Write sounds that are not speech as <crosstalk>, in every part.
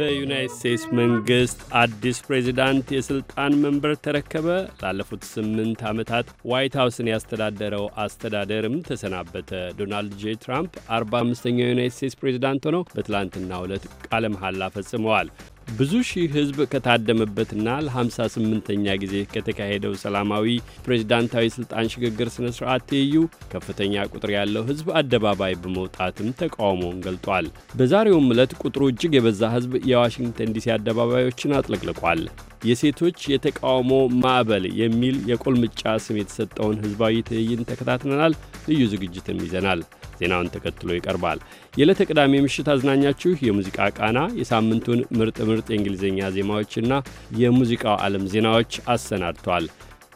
በዩናይት ስቴትስ መንግሥት አዲስ ፕሬዚዳንት የሥልጣን መንበር ተረከበ። ላለፉት ስምንት ዓመታት ዋይት ሀውስን ያስተዳደረው አስተዳደርም ተሰናበተ። ዶናልድ ጄ ትራምፕ አርባ አምስተኛው የዩናይት ስቴትስ ፕሬዚዳንት ሆነው በትላንትናው ዕለት ቃለ መሐላ ፈጽመዋል። ብዙ ሺህ ሕዝብ ከታደመበትና ለ58ኛ ጊዜ ከተካሄደው ሰላማዊ ፕሬዝዳንታዊ ስልጣን ሽግግር ሥነ ሥርዓት ትይዩ ከፍተኛ ቁጥር ያለው ሕዝብ አደባባይ በመውጣትም ተቃውሞውን ገልጧል። በዛሬውም ዕለት ቁጥሩ እጅግ የበዛ ሕዝብ የዋሽንግተን ዲሲ አደባባዮችን አጥለቅልቋል። የሴቶች የተቃውሞ ማዕበል የሚል የቁልምጫ ስም የተሰጠውን ህዝባዊ ትዕይንት ተከታትለናል። ልዩ ዝግጅትም ይዘናል። ዜናውን ተከትሎ ይቀርባል። የዕለተ ቅዳሜ ምሽት አዝናኛችሁ የሙዚቃ ቃና የሳምንቱን ምርጥ ምርጥ የእንግሊዝኛ ዜማዎችና የሙዚቃው ዓለም ዜናዎች አሰናድቷል።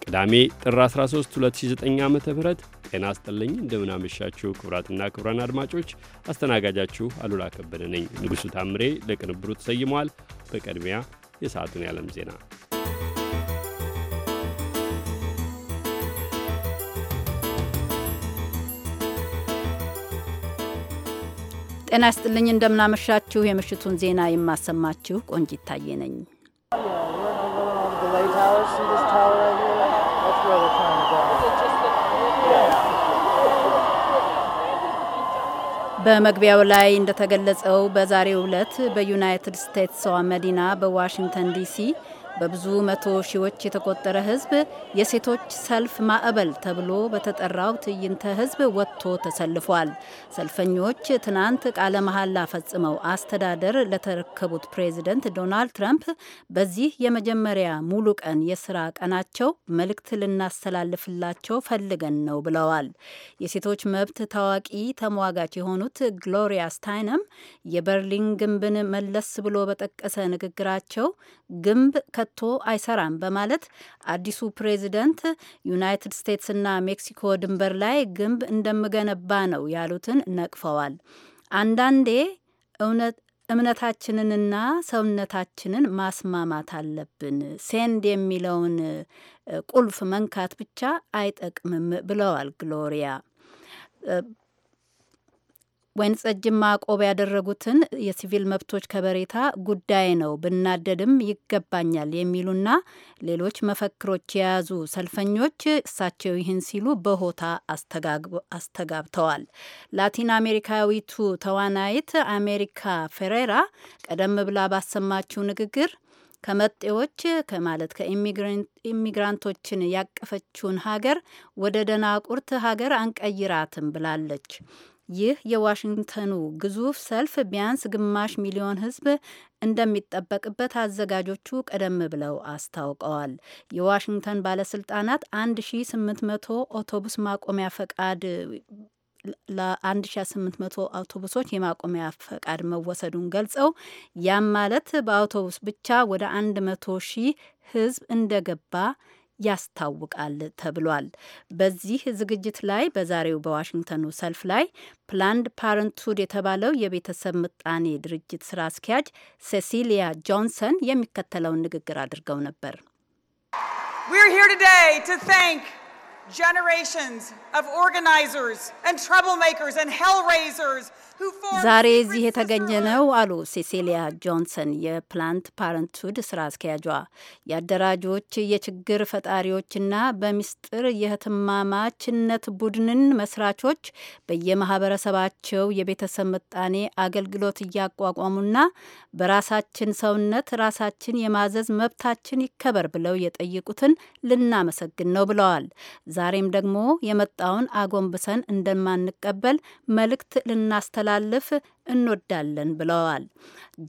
ቅዳሜ ጥር 13 2009 ዓ ም ጤና አስጠለኝ። እንደምናመሻችሁ ክቡራትና ክቡራን አድማጮች፣ አስተናጋጃችሁ አሉላ ከበደ ነኝ። ንጉሡ ታምሬ ለቅንብሩ ተሰይመዋል። በቅድሚያ የሰዓቱን የዓለም ዜና ጤና ይስጥልኝ። እንደምናመሻችሁ። የምሽቱን ዜና የማሰማችሁ ቆንጅ ይታየነኝ። ነኝ። በመግቢያው ላይ እንደተገለጸው በዛሬው ዕለት በዩናይትድ ስቴትስ መዲና በዋሽንግተን ዲሲ በብዙ መቶ ሺዎች የተቆጠረ ሕዝብ የሴቶች ሰልፍ ማዕበል ተብሎ በተጠራው ትዕይንተ ሕዝብ ወጥቶ ተሰልፏል። ሰልፈኞች ትናንት ቃለ መሐላ ፈጽመው አስተዳደር ለተረከቡት ፕሬዚደንት ዶናልድ ትራምፕ በዚህ የመጀመሪያ ሙሉ ቀን የስራ ቀናቸው መልእክት ልናስተላልፍላቸው ፈልገን ነው ብለዋል። የሴቶች መብት ታዋቂ ተሟጋች የሆኑት ግሎሪያ ስታይነም የበርሊን ግንብን መለስ ብሎ በጠቀሰ ንግግራቸው ግንብ ከ ከቶ አይሰራም በማለት አዲሱ ፕሬዚደንት ዩናይትድ ስቴትስና ሜክሲኮ ድንበር ላይ ግንብ እንደምገነባ ነው ያሉትን ነቅፈዋል። አንዳንዴ እውነት እምነታችንንና ሰውነታችንን ማስማማት አለብን። ሴንድ የሚለውን ቁልፍ መንካት ብቻ አይጠቅምም ብለዋል ግሎሪያ ወይን ጸጅም ቆብ ያደረጉትን የሲቪል መብቶች ከበሬታ ጉዳይ ነው ብናደድም ይገባኛል የሚሉና ሌሎች መፈክሮች የያዙ ሰልፈኞች እሳቸው ይህን ሲሉ በሆታ አስተጋብተዋል። ላቲን አሜሪካዊቱ ተዋናይት አሜሪካ ፌሬራ ቀደም ብላ ባሰማችው ንግግር ከመጤዎች ከማለት ከኢሚግራንቶችን ያቀፈችውን ሀገር ወደ ደናቁርት ሀገር አንቀይራትም ብላለች። ይህ የዋሽንግተኑ ግዙፍ ሰልፍ ቢያንስ ግማሽ ሚሊዮን ሕዝብ እንደሚጠበቅበት አዘጋጆቹ ቀደም ብለው አስታውቀዋል። የዋሽንግተን ባለስልጣናት 1800 አውቶቡስ ማቆሚያ ፈቃድ ለ1800 አውቶቡሶች የማቆሚያ ፈቃድ መወሰዱን ገልጸው ያም ማለት በአውቶቡስ ብቻ ወደ 100 ሺህ ህዝብ እንደገባ ያስታውቃል ተብሏል። በዚህ ዝግጅት ላይ በዛሬው በዋሽንግተኑ ሰልፍ ላይ ፕላንድ ፓረንትሁድ የተባለው የቤተሰብ ምጣኔ ድርጅት ስራ አስኪያጅ ሴሲሊያ ጆንሰን የሚከተለውን ንግግር አድርገው ነበር። generations of organizers and troublemakers and ዛሬ እዚህ የተገኘ ነው አሉ ሴሲሊያ ጆንሰን የፕላንት ፓረንትሁድ ስራ አስኪያጇ። የአደራጆች የችግር ፈጣሪዎችና በሚስጥር የህትማማችነት ቡድንን መስራቾች በየማህበረሰባቸው የቤተሰብ ምጣኔ አገልግሎት እያቋቋሙና በራሳችን ሰውነት ራሳችን የማዘዝ መብታችን ይከበር ብለው የጠየቁትን ልናመሰግን ነው ብለዋል። ዛሬም ደግሞ የመጣውን አጎንብሰን እንደማንቀበል መልእክት ልናስተላ እንዲተላለፍ እንወዳለን ብለዋል።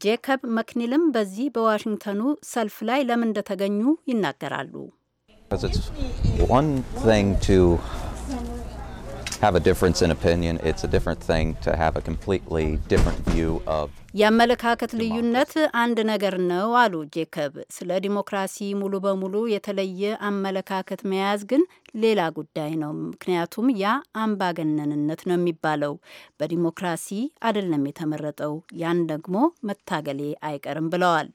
ጄከብ መክኒልም በዚህ በዋሽንግተኑ ሰልፍ ላይ ለምን እንደተገኙ ይናገራሉ። have a difference in opinion. It's a different thing to have a completely different view of የአመለካከት ልዩነት አንድ ነገር ነው አሉ ጄከብ። ስለ ዲሞክራሲ ሙሉ በሙሉ የተለየ አመለካከት መያዝ ግን ሌላ ጉዳይ ነው። ምክንያቱም ያ አምባገነንነት ነው የሚባለው። በዲሞክራሲ አይደለም የተመረጠው፣ ያን ደግሞ መታገሌ አይቀርም ብለዋል።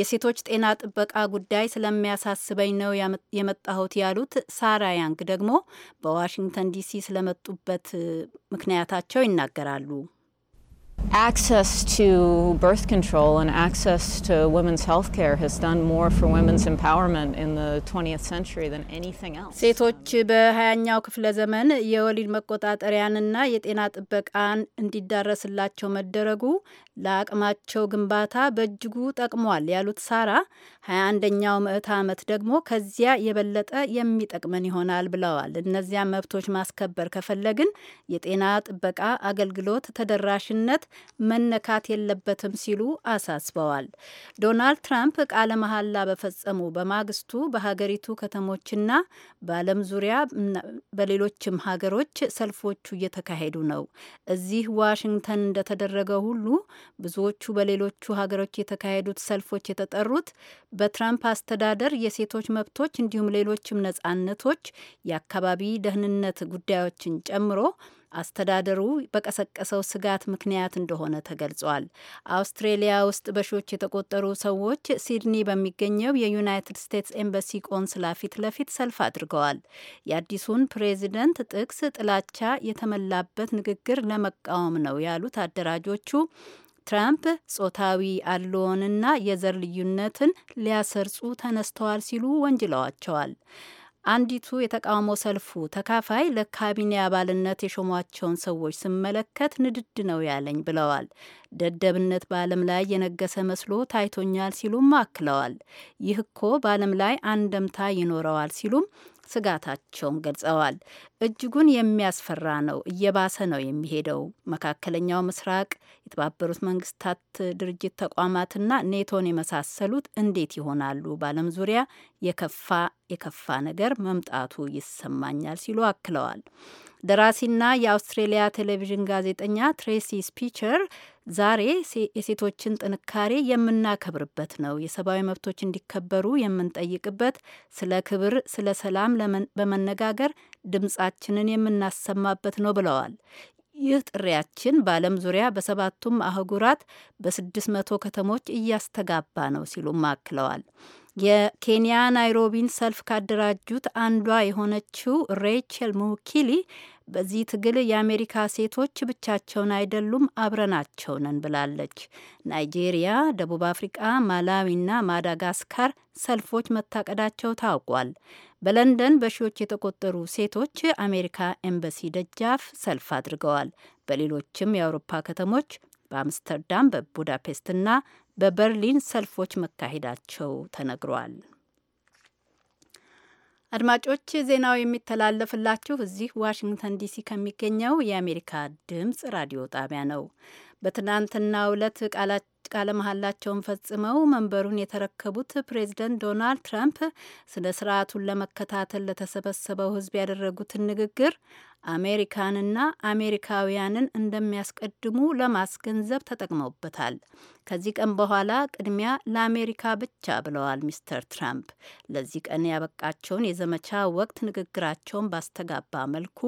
የሴቶች ጤና ጥበቃ ጉዳይ ስለሚያሳስበኝ ነው የመጣሁት ያሉት ሳራ ያንግ ደግሞ በዋሽንግተን ዲሲ ስለመጡበት ምክንያታቸው ይናገራሉ። access to birth control and access to women's health care has done more for women's empowerment in the 20th century than anything else. ሴቶች በ ክፍለ ዘመን የወሊድ መቆጣጠሪያንና የጤና ጥበቃን እንዲዳረስላቸው መደረጉ ለአቅማቸው ግንባታ በእጅጉ ጠቅሟል ያሉት ሳራ 21 ምዕተ ዓመት ደግሞ ከዚያ የበለጠ የሚጠቅመን ይሆናል ብለዋል። እነዚያ መብቶች ማስከበር ከፈለግን የጤና ጥበቃ አገልግሎት ተደራሽነት መነካት የለበትም ሲሉ አሳስበዋል። ዶናልድ ትራምፕ ቃለ መሐላ በፈጸሙ በማግስቱ በሀገሪቱ ከተሞችና በዓለም ዙሪያ በሌሎችም ሀገሮች ሰልፎቹ እየተካሄዱ ነው። እዚህ ዋሽንግተን እንደተደረገ ሁሉ ብዙዎቹ በሌሎቹ ሀገሮች የተካሄዱት ሰልፎች የተጠሩት በትራምፕ አስተዳደር የሴቶች መብቶች እንዲሁም ሌሎችም ነጻነቶች፣ የአካባቢ ደህንነት ጉዳዮችን ጨምሮ አስተዳደሩ በቀሰቀሰው ስጋት ምክንያት እንደሆነ ተገልጿል። አውስትሬሊያ ውስጥ በሺዎች የተቆጠሩ ሰዎች ሲድኒ በሚገኘው የዩናይትድ ስቴትስ ኤምባሲ ቆንስላ ፊት ለፊት ሰልፍ አድርገዋል። የአዲሱን ፕሬዚደንት ጥቅስ፣ ጥላቻ የተመላበት ንግግር ለመቃወም ነው ያሉት አደራጆቹ ትራምፕ ጾታዊ አለዎንና የዘር ልዩነትን ሊያሰርጹ ተነስተዋል ሲሉ ወንጅለዋቸዋል። አንዲቱ የተቃውሞ ሰልፉ ተካፋይ ለካቢኔ አባልነት የሾሟቸውን ሰዎች ስመለከት ንድድ ነው ያለኝ ብለዋል። ደደብነት በዓለም ላይ የነገሰ መስሎ ታይቶኛል ሲሉም አክለዋል። ይህ እኮ በዓለም ላይ አንደምታ ይኖረዋል ሲሉም ስጋታቸውን ገልጸዋል። እጅጉን የሚያስፈራ ነው። እየባሰ ነው የሚሄደው። መካከለኛው ምስራቅ፣ የተባበሩት መንግስታት ድርጅት ተቋማትና ኔቶን የመሳሰሉት እንዴት ይሆናሉ? በዓለም ዙሪያ የከፋ የከፋ ነገር መምጣቱ ይሰማኛል ሲሉ አክለዋል። ደራሲና የአውስትሬሊያ ቴሌቪዥን ጋዜጠኛ ትሬሲ ስፒቸር ዛሬ የሴቶችን ጥንካሬ የምናከብርበት ነው፣ የሰብአዊ መብቶች እንዲከበሩ የምንጠይቅበት፣ ስለ ክብር፣ ስለ ሰላም በመነጋገር ድምጻችንን የምናሰማበት ነው ብለዋል። ይህ ጥሪያችን በዓለም ዙሪያ በሰባቱም አህጉራት በስድስት መቶ ከተሞች እያስተጋባ ነው ሲሉም አክለዋል። የኬንያ ናይሮቢን ሰልፍ ካደራጁት አንዷ የሆነችው ሬቸል ሙኪሊ በዚህ ትግል የአሜሪካ ሴቶች ብቻቸውን አይደሉም፣ አብረናቸው ነን ብላለች። ናይጄሪያ፣ ደቡብ አፍሪቃ፣ ማላዊና ማዳጋስካር ሰልፎች መታቀዳቸው ታውቋል። በለንደን በሺዎች የተቆጠሩ ሴቶች አሜሪካ ኤምባሲ ደጃፍ ሰልፍ አድርገዋል። በሌሎችም የአውሮፓ ከተሞች በአምስተርዳም በቡዳፔስትና በበርሊን ሰልፎች መካሄዳቸው ተነግሯል። አድማጮች ዜናው የሚተላለፍላችሁ እዚህ ዋሽንግተን ዲሲ ከሚገኘው የአሜሪካ ድምፅ ራዲዮ ጣቢያ ነው። በትናንትናው ዕለት ቃላቸው ቃለ መሀላቸውን ፈጽመው መንበሩን የተረከቡት ፕሬዚደንት ዶናልድ ትራምፕ ስለ ስርዓቱን ለመከታተል ለተሰበሰበው ህዝብ ያደረጉትን ንግግር አሜሪካንና አሜሪካውያንን እንደሚያስቀድሙ ለማስገንዘብ ተጠቅመውበታል። ከዚህ ቀን በኋላ ቅድሚያ ለአሜሪካ ብቻ ብለዋል ሚስተር ትራምፕ። ለዚህ ቀን ያበቃቸውን የዘመቻ ወቅት ንግግራቸውን ባስተጋባ መልኩ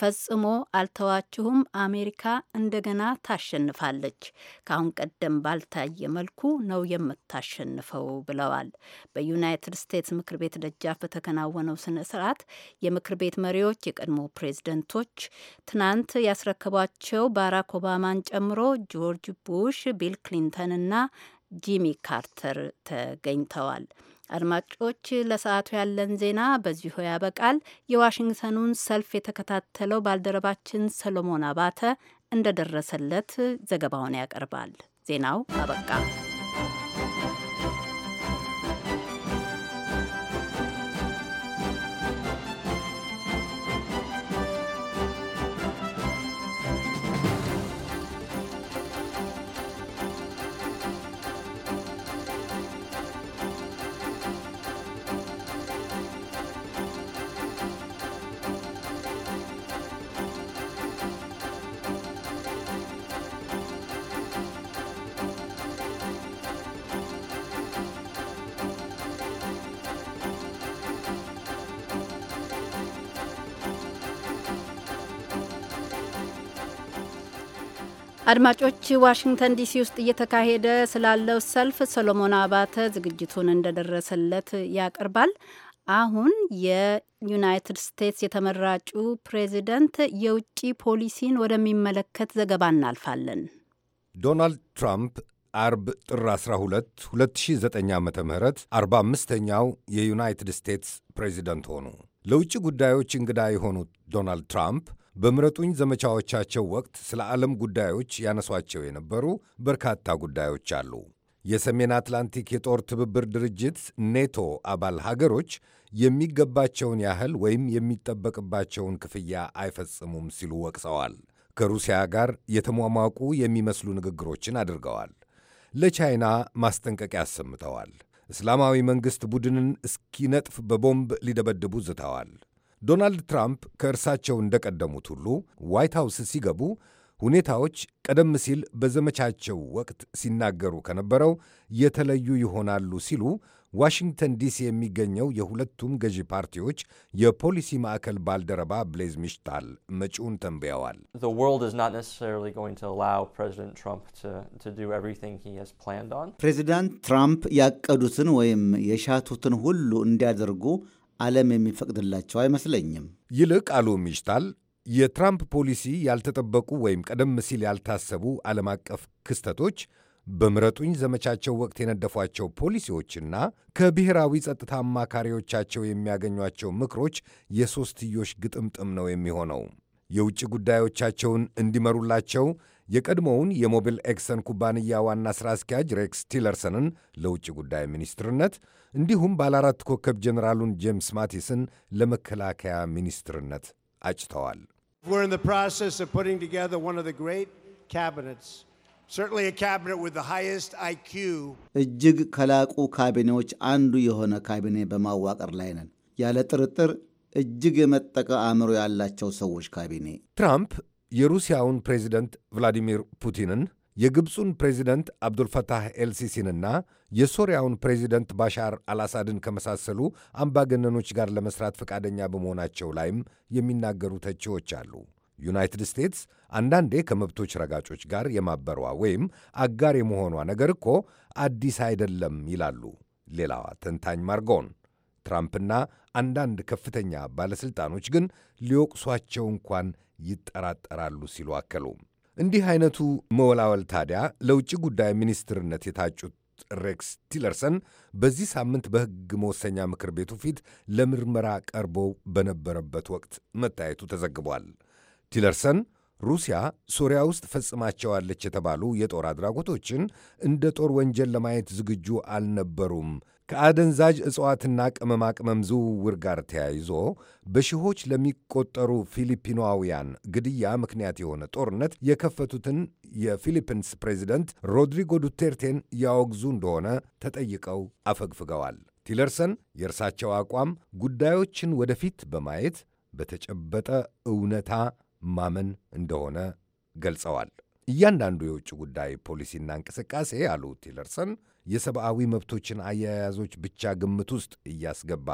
ፈጽሞ አልተዋችሁም፣ አሜሪካ እንደገና ታሸንፋለች፣ ከአሁን ቀደም ባልታየ መልኩ ነው የምታሸንፈው ብለዋል። በዩናይትድ ስቴትስ ምክር ቤት ደጃፍ በተከናወነው ስነ ስርዓት የምክር ቤት መሪዎች፣ የቀድሞ ፕሬዝደንቶች ትናንት ያስረከቧቸው ባራክ ኦባማን ጨምሮ ጆርጅ ቡሽ፣ ቢል ክሊንተንና ጂሚ ካርተር ተገኝተዋል። አድማጮች፣ ለሰዓቱ ያለን ዜና በዚሁ ያበቃል። የዋሽንግተኑን ሰልፍ የተከታተለው ባልደረባችን ሰሎሞን አባተ እንደደረሰለት ዘገባውን ያቀርባል። ዜናው አበቃ። አድማጮች ዋሽንግተን ዲሲ ውስጥ እየተካሄደ ስላለው ሰልፍ ሰሎሞን አባተ ዝግጅቱን እንደደረሰለት ያቀርባል። አሁን የዩናይትድ ስቴትስ የተመራጩ ፕሬዚደንት የውጭ ፖሊሲን ወደሚመለከት ዘገባ እናልፋለን። ዶናልድ ትራምፕ አርብ ጥር 12 2009 ዓ ም 45ኛው የዩናይትድ ስቴትስ ፕሬዚደንት ሆኑ። ለውጭ ጉዳዮች እንግዳ የሆኑት ዶናልድ ትራምፕ በምረጡኝ ዘመቻዎቻቸው ወቅት ስለ ዓለም ጉዳዮች ያነሷቸው የነበሩ በርካታ ጉዳዮች አሉ። የሰሜን አትላንቲክ የጦር ትብብር ድርጅት ኔቶ አባል ሀገሮች የሚገባቸውን ያህል ወይም የሚጠበቅባቸውን ክፍያ አይፈጽሙም ሲሉ ወቅሰዋል። ከሩሲያ ጋር የተሟሟቁ የሚመስሉ ንግግሮችን አድርገዋል። ለቻይና ማስጠንቀቂያ አሰምተዋል። እስላማዊ መንግሥት ቡድንን እስኪነጥፍ በቦምብ ሊደበድቡ ዝተዋል። ዶናልድ ትራምፕ ከእርሳቸው እንደቀደሙት ሁሉ ዋይት ሃውስ ሲገቡ ሁኔታዎች ቀደም ሲል በዘመቻቸው ወቅት ሲናገሩ ከነበረው የተለዩ ይሆናሉ ሲሉ ዋሽንግተን ዲሲ የሚገኘው የሁለቱም ገዢ ፓርቲዎች የፖሊሲ ማዕከል ባልደረባ ብሌዝ ሚሽታል መጪውን ተንብየዋል። ፕሬዚዳንት ትራምፕ ያቀዱትን ወይም የሻቱትን ሁሉ እንዲያደርጉ ዓለም የሚፈቅድላቸው አይመስለኝም። ይልቅ አሉ ሚሽታል የትራምፕ ፖሊሲ ያልተጠበቁ ወይም ቀደም ሲል ያልታሰቡ ዓለም አቀፍ ክስተቶች በምረጡኝ ዘመቻቸው ወቅት የነደፏቸው ፖሊሲዎችና ከብሔራዊ ጸጥታ አማካሪዎቻቸው የሚያገኟቸው ምክሮች የሦስትዮሽ ግጥምጥም ነው የሚሆነው። የውጭ ጉዳዮቻቸውን እንዲመሩላቸው የቀድሞውን የሞቢል ኤክሰን ኩባንያ ዋና ሥራ አስኪያጅ ሬክስ ቲለርሰንን ለውጭ ጉዳይ ሚኒስትርነት እንዲሁም ባለአራት ኮከብ ጀኔራሉን ጄምስ ማቲስን ለመከላከያ ሚኒስትርነት አጭተዋል። እጅግ ከላቁ ካቢኔዎች አንዱ የሆነ ካቢኔ በማዋቀር ላይ ነን። ያለ ጥርጥር እጅግ የመጠቀ አእምሮ ያላቸው ሰዎች ካቢኔ። ትራምፕ የሩሲያውን ፕሬዚደንት ቭላዲሚር ፑቲንን የግብፁን ፕሬዚደንት አብዱልፈታህ ኤልሲሲንና የሶሪያውን ፕሬዚደንት ባሻር አልአሳድን ከመሳሰሉ አምባገነኖች ጋር ለመስራት ፈቃደኛ በመሆናቸው ላይም የሚናገሩ ተቺዎች አሉ። ዩናይትድ ስቴትስ አንዳንዴ ከመብቶች ረጋጮች ጋር የማበሯ ወይም አጋር የመሆኗ ነገር እኮ አዲስ አይደለም ይላሉ ሌላዋ ተንታኝ ማርጎን። ትራምፕና አንዳንድ ከፍተኛ ባለሥልጣኖች ግን ሊወቅሷቸው እንኳን ይጠራጠራሉ ሲሉ አከሉ። እንዲህ አይነቱ መወላወል ታዲያ ለውጭ ጉዳይ ሚኒስትርነት የታጩት ሬክስ ቲለርሰን በዚህ ሳምንት በሕግ መወሰኛ ምክር ቤቱ ፊት ለምርመራ ቀርቦ በነበረበት ወቅት መታየቱ ተዘግቧል። ቲለርሰን ሩሲያ ሱሪያ ውስጥ ፈጽማቸዋለች የተባሉ የጦር አድራጎቶችን እንደ ጦር ወንጀል ለማየት ዝግጁ አልነበሩም። ከአደንዛዥ እጽዋትና ቅመማ ቅመም ዝውውር ጋር ተያይዞ በሺዎች ለሚቆጠሩ ፊሊፒኖዊያን ግድያ ምክንያት የሆነ ጦርነት የከፈቱትን የፊሊፒንስ ፕሬዚደንት ሮድሪጎ ዱቴርቴን ያወግዙ እንደሆነ ተጠይቀው አፈግፍገዋል። ቲለርሰን የእርሳቸው አቋም ጉዳዮችን ወደፊት በማየት በተጨበጠ እውነታ ማመን እንደሆነ ገልጸዋል። እያንዳንዱ የውጭ ጉዳይ ፖሊሲና እንቅስቃሴ አሉ ቲለርሰን የሰብአዊ መብቶችን አያያዞች ብቻ ግምት ውስጥ እያስገባ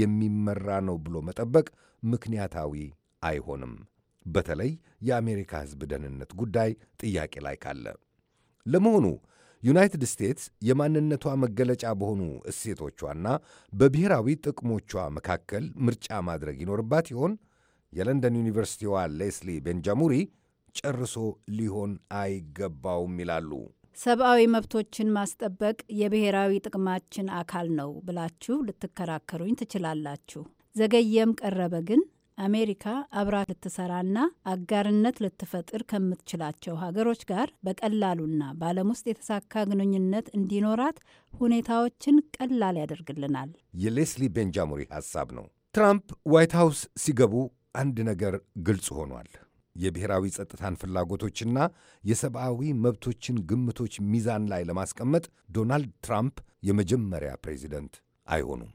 የሚመራ ነው ብሎ መጠበቅ ምክንያታዊ አይሆንም። በተለይ የአሜሪካ ሕዝብ ደህንነት ጉዳይ ጥያቄ ላይ ካለ። ለመሆኑ ዩናይትድ ስቴትስ የማንነቷ መገለጫ በሆኑ እሴቶቿና በብሔራዊ ጥቅሞቿ መካከል ምርጫ ማድረግ ይኖርባት ይሆን? የለንደን ዩኒቨርሲቲዋ ሌስሊ ቤንጃሙሪ ጨርሶ ሊሆን አይገባውም ይላሉ። ሰብአዊ መብቶችን ማስጠበቅ የብሔራዊ ጥቅማችን አካል ነው ብላችሁ ልትከራከሩኝ ትችላላችሁ። ዘገየም ቀረበ ግን አሜሪካ አብራ ልትሰራና አጋርነት ልትፈጥር ከምትችላቸው ሀገሮች ጋር በቀላሉና በዓለም ውስጥ የተሳካ ግንኙነት እንዲኖራት ሁኔታዎችን ቀላል ያደርግልናል። የሌስሊ ቤንጃሙሪ ሐሳብ ነው። ትራምፕ ዋይት ሀውስ ሲገቡ አንድ ነገር ግልጽ ሆኗል። የብሔራዊ ጸጥታን ፍላጎቶችና የሰብአዊ መብቶችን ግምቶች ሚዛን ላይ ለማስቀመጥ ዶናልድ ትራምፕ የመጀመሪያ ፕሬዚደንት አይሆኑም።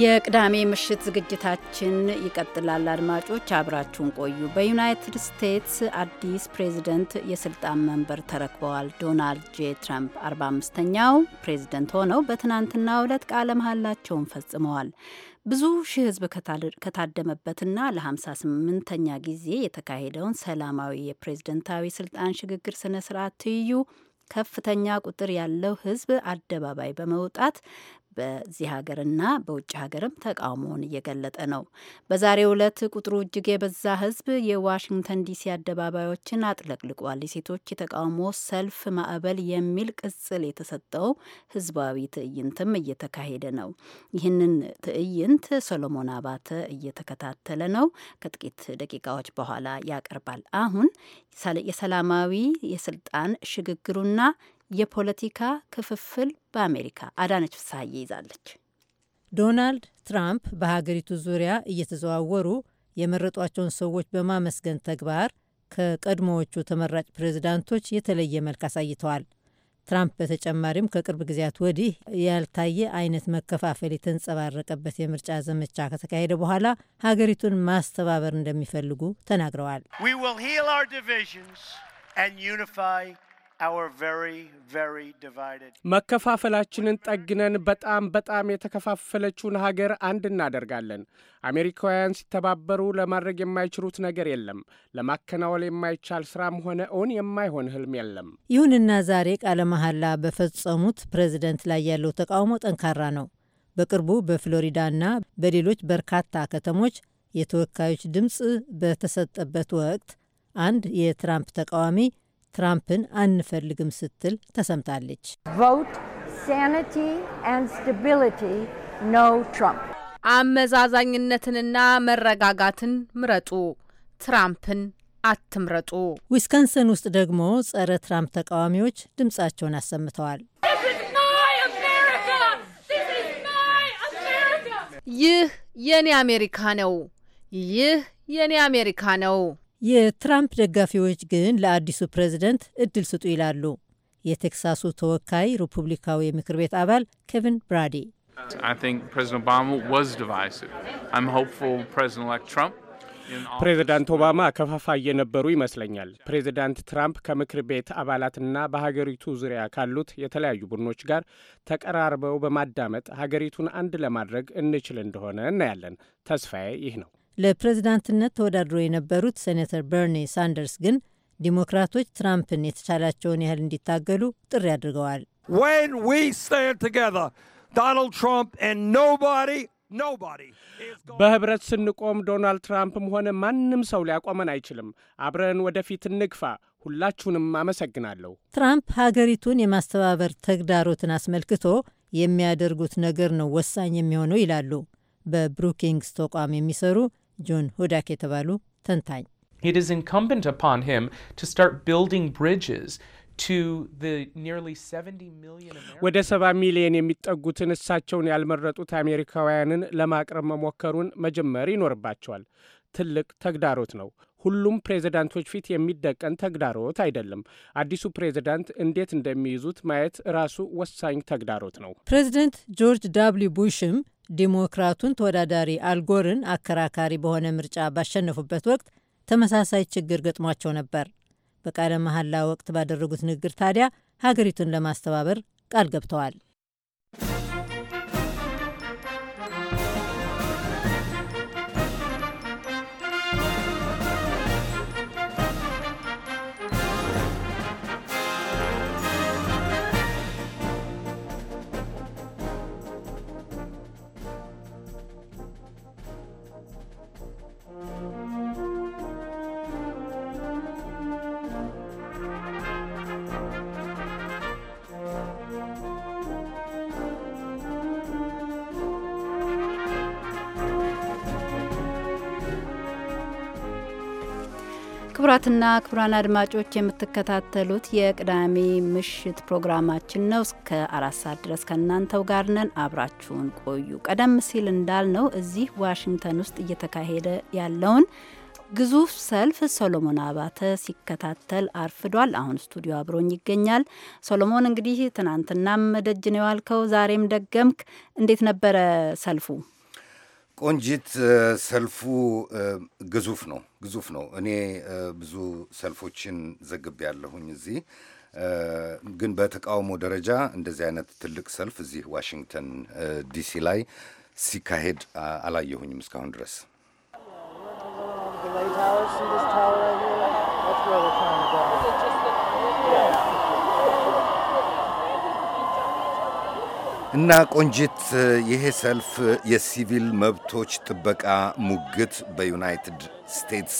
የቅዳሜ ምሽት ዝግጅታችን ይቀጥላል። አድማጮች አብራችሁን ቆዩ። በዩናይትድ ስቴትስ አዲስ ፕሬዝደንት የስልጣን መንበር ተረክበዋል። ዶናልድ ጄ ትራምፕ 45ኛው ፕሬዝደንት ሆነው በትናንትናው ዕለት ቃለ መሐላቸውን ፈጽመዋል። ብዙ ሺህ ህዝብ ከታደመበትና ለ58ኛ ጊዜ የተካሄደውን ሰላማዊ የፕሬዝደንታዊ ስልጣን ሽግግር ስነ ስርዓት ትይዩ ከፍተኛ ቁጥር ያለው ህዝብ አደባባይ በመውጣት በዚህ ሀገርና በውጭ ሀገርም ተቃውሞውን እየገለጠ ነው። በዛሬው ዕለት ቁጥሩ እጅግ የበዛ ህዝብ የዋሽንግተን ዲሲ አደባባዮችን አጥለቅልቋል። የሴቶች የተቃውሞ ሰልፍ ማዕበል የሚል ቅጽል የተሰጠው ህዝባዊ ትዕይንትም እየተካሄደ ነው። ይህንን ትዕይንት ሰሎሞን አባተ እየተከታተለ ነው። ከጥቂት ደቂቃዎች በኋላ ያቀርባል። አሁን የሰላማዊ የስልጣን ሽግግሩና የፖለቲካ ክፍፍል በአሜሪካ አዳነች ፍስሐዬ ይዛለች። ዶናልድ ትራምፕ በሀገሪቱ ዙሪያ እየተዘዋወሩ የመረጧቸውን ሰዎች በማመስገን ተግባር ከቀድሞዎቹ ተመራጭ ፕሬዚዳንቶች የተለየ መልክ አሳይተዋል። ትራምፕ በተጨማሪም ከቅርብ ጊዜያት ወዲህ ያልታየ አይነት መከፋፈል የተንጸባረቀበት የምርጫ ዘመቻ ከተካሄደ በኋላ ሀገሪቱን ማስተባበር እንደሚፈልጉ ተናግረዋል። መከፋፈላችንን ጠግነን በጣም በጣም የተከፋፈለችውን ሀገር አንድ እናደርጋለን። አሜሪካውያን ሲተባበሩ ለማድረግ የማይችሉት ነገር የለም። ለማከናወል የማይቻል ስራም ሆነ እውን የማይሆን ህልም የለም። ይሁንና ዛሬ ቃለ መሐላ በፈጸሙት ፕሬዚደንት ላይ ያለው ተቃውሞ ጠንካራ ነው። በቅርቡ በፍሎሪዳና በሌሎች በርካታ ከተሞች የተወካዮች ድምፅ በተሰጠበት ወቅት አንድ የትራምፕ ተቃዋሚ ትራምፕን አንፈልግም ስትል ተሰምታለች። አመዛዛኝነትንና መረጋጋትን ምረጡ፣ ትራምፕን አትምረጡ። ዊስኮንሰን ውስጥ ደግሞ ጸረ ትራምፕ ተቃዋሚዎች ድምፃቸውን አሰምተዋል። ይህ የኔ አሜሪካ ነው፣ ይህ የኔ አሜሪካ ነው የትራምፕ ደጋፊዎች ግን ለአዲሱ ፕሬዝደንት እድል ስጡ ይላሉ። የቴክሳሱ ተወካይ ሪፑብሊካዊ የምክር ቤት አባል ኬቪን ብራዲ ፕሬዚዳንት ኦባማ ከፋፋ እየነበሩ ይመስለኛል። ፕሬዚዳንት ትራምፕ ከምክር ቤት አባላትና በሀገሪቱ ዙሪያ ካሉት የተለያዩ ቡድኖች ጋር ተቀራርበው በማዳመጥ ሀገሪቱን አንድ ለማድረግ እንችል እንደሆነ እናያለን። ተስፋዬ ይህ ነው። ለፕሬዝዳንትነት ተወዳድሮ የነበሩት ሴኔተር በርኒ ሳንደርስ ግን ዲሞክራቶች ትራምፕን የተቻላቸውን ያህል እንዲታገሉ ጥሪ አድርገዋል። በህብረት ስንቆም ዶናልድ ትራምፕም ሆነ ማንም ሰው ሊያቆመን አይችልም። አብረን ወደፊት እንግፋ። ሁላችሁንም አመሰግናለሁ። ትራምፕ ሀገሪቱን የማስተባበር ተግዳሮትን አስመልክቶ የሚያደርጉት ነገር ነው ወሳኝ የሚሆነው ይላሉ በብሩኪንግስ ተቋም የሚሰሩ ጆን ሁዳክ የተባሉ ተንታኝ It is incumbent upon him to start building bridges ወደ ሰባ ሚሊዮን የሚጠጉትን እሳቸውን ያልመረጡት አሜሪካውያንን ለማቅረብ መሞከሩን መጀመር ይኖርባቸዋል። ትልቅ ተግዳሮት ነው። ሁሉም ፕሬዝዳንቶች ፊት የሚደቀን ተግዳሮት አይደለም። አዲሱ ፕሬዝዳንት እንዴት እንደሚይዙት ማየት ራሱ ወሳኝ ተግዳሮት ነው። ፕሬዝደንት ጆርጅ ዳብሊው ቡሽም ዲሞክራቱን ተወዳዳሪ አልጎርን አከራካሪ በሆነ ምርጫ ባሸነፉበት ወቅት ተመሳሳይ ችግር ገጥሟቸው ነበር። በቃለ መሐላ ወቅት ባደረጉት ንግግር ታዲያ ሀገሪቱን ለማስተባበር ቃል ገብተዋል። ክቡራትና ክቡራን አድማጮች የምትከታተሉት የቅዳሜ ምሽት ፕሮግራማችን ነው። እስከ አራት ሰዓት ድረስ ከእናንተው ጋር ነን። አብራችሁን ቆዩ። ቀደም ሲል እንዳልነው እዚህ ዋሽንግተን ውስጥ እየተካሄደ ያለውን ግዙፍ ሰልፍ ሶሎሞን አባተ ሲከታተል አርፍዷል። አሁን ስቱዲዮ አብሮኝ ይገኛል። ሶሎሞን፣ እንግዲህ ትናንትናም ደጅ ነው ዛሬም ደገምክ። እንዴት ነበረ ሰልፉ? ቆንጂት፣ ሰልፉ ግዙፍ ነው፣ ግዙፍ ነው። እኔ ብዙ ሰልፎችን ዘግብ ያለሁኝ እዚህ ግን በተቃውሞ ደረጃ እንደዚህ አይነት ትልቅ ሰልፍ እዚህ ዋሽንግተን ዲሲ ላይ ሲካሄድ አላየሁኝም እስካሁን ድረስ። እና ቆንጂት፣ ይሄ ሰልፍ የሲቪል መብቶች ጥበቃ ሙግት በዩናይትድ ስቴትስ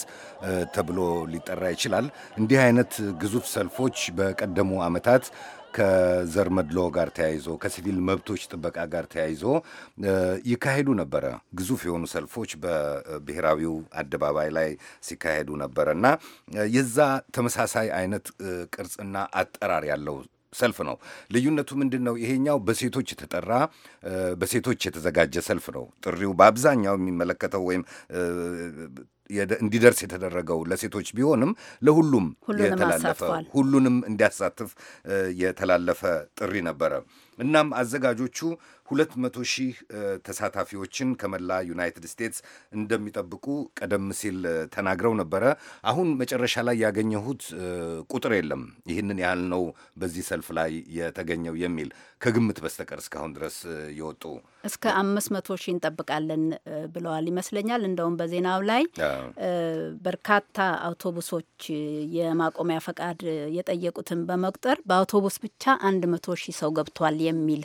ተብሎ ሊጠራ ይችላል። እንዲህ አይነት ግዙፍ ሰልፎች በቀደሙ ዓመታት ከዘር መድሎ ጋር ተያይዞ ከሲቪል መብቶች ጥበቃ ጋር ተያይዞ ይካሄዱ ነበረ። ግዙፍ የሆኑ ሰልፎች በብሔራዊው አደባባይ ላይ ሲካሄዱ ነበረ እና የዛ ተመሳሳይ አይነት ቅርጽና አጠራር ያለው ሰልፍ ነው። ልዩነቱ ምንድን ነው? ይሄኛው በሴቶች የተጠራ በሴቶች የተዘጋጀ ሰልፍ ነው። ጥሪው በአብዛኛው የሚመለከተው ወይም እንዲደርስ የተደረገው ለሴቶች ቢሆንም ለሁሉም የተላለፈ ሁሉንም እንዲያሳትፍ የተላለፈ ጥሪ ነበረ። እናም አዘጋጆቹ ሁለት መቶ ሺህ ተሳታፊዎችን ከመላ ዩናይትድ ስቴትስ እንደሚጠብቁ ቀደም ሲል ተናግረው ነበረ። አሁን መጨረሻ ላይ ያገኘሁት ቁጥር የለም፣ ይህንን ያህል ነው በዚህ ሰልፍ ላይ የተገኘው የሚል ከግምት በስተቀር እስካሁን ድረስ የወጡ እስከ አምስት መቶ ሺህ እንጠብቃለን ብለዋል ይመስለኛል። እንደውም በዜናው ላይ በርካታ አውቶቡሶች የማቆሚያ ፈቃድ የጠየቁትን በመቁጠር በአውቶቡስ ብቻ አንድ መቶ ሺህ ሰው ገብቷል የሚል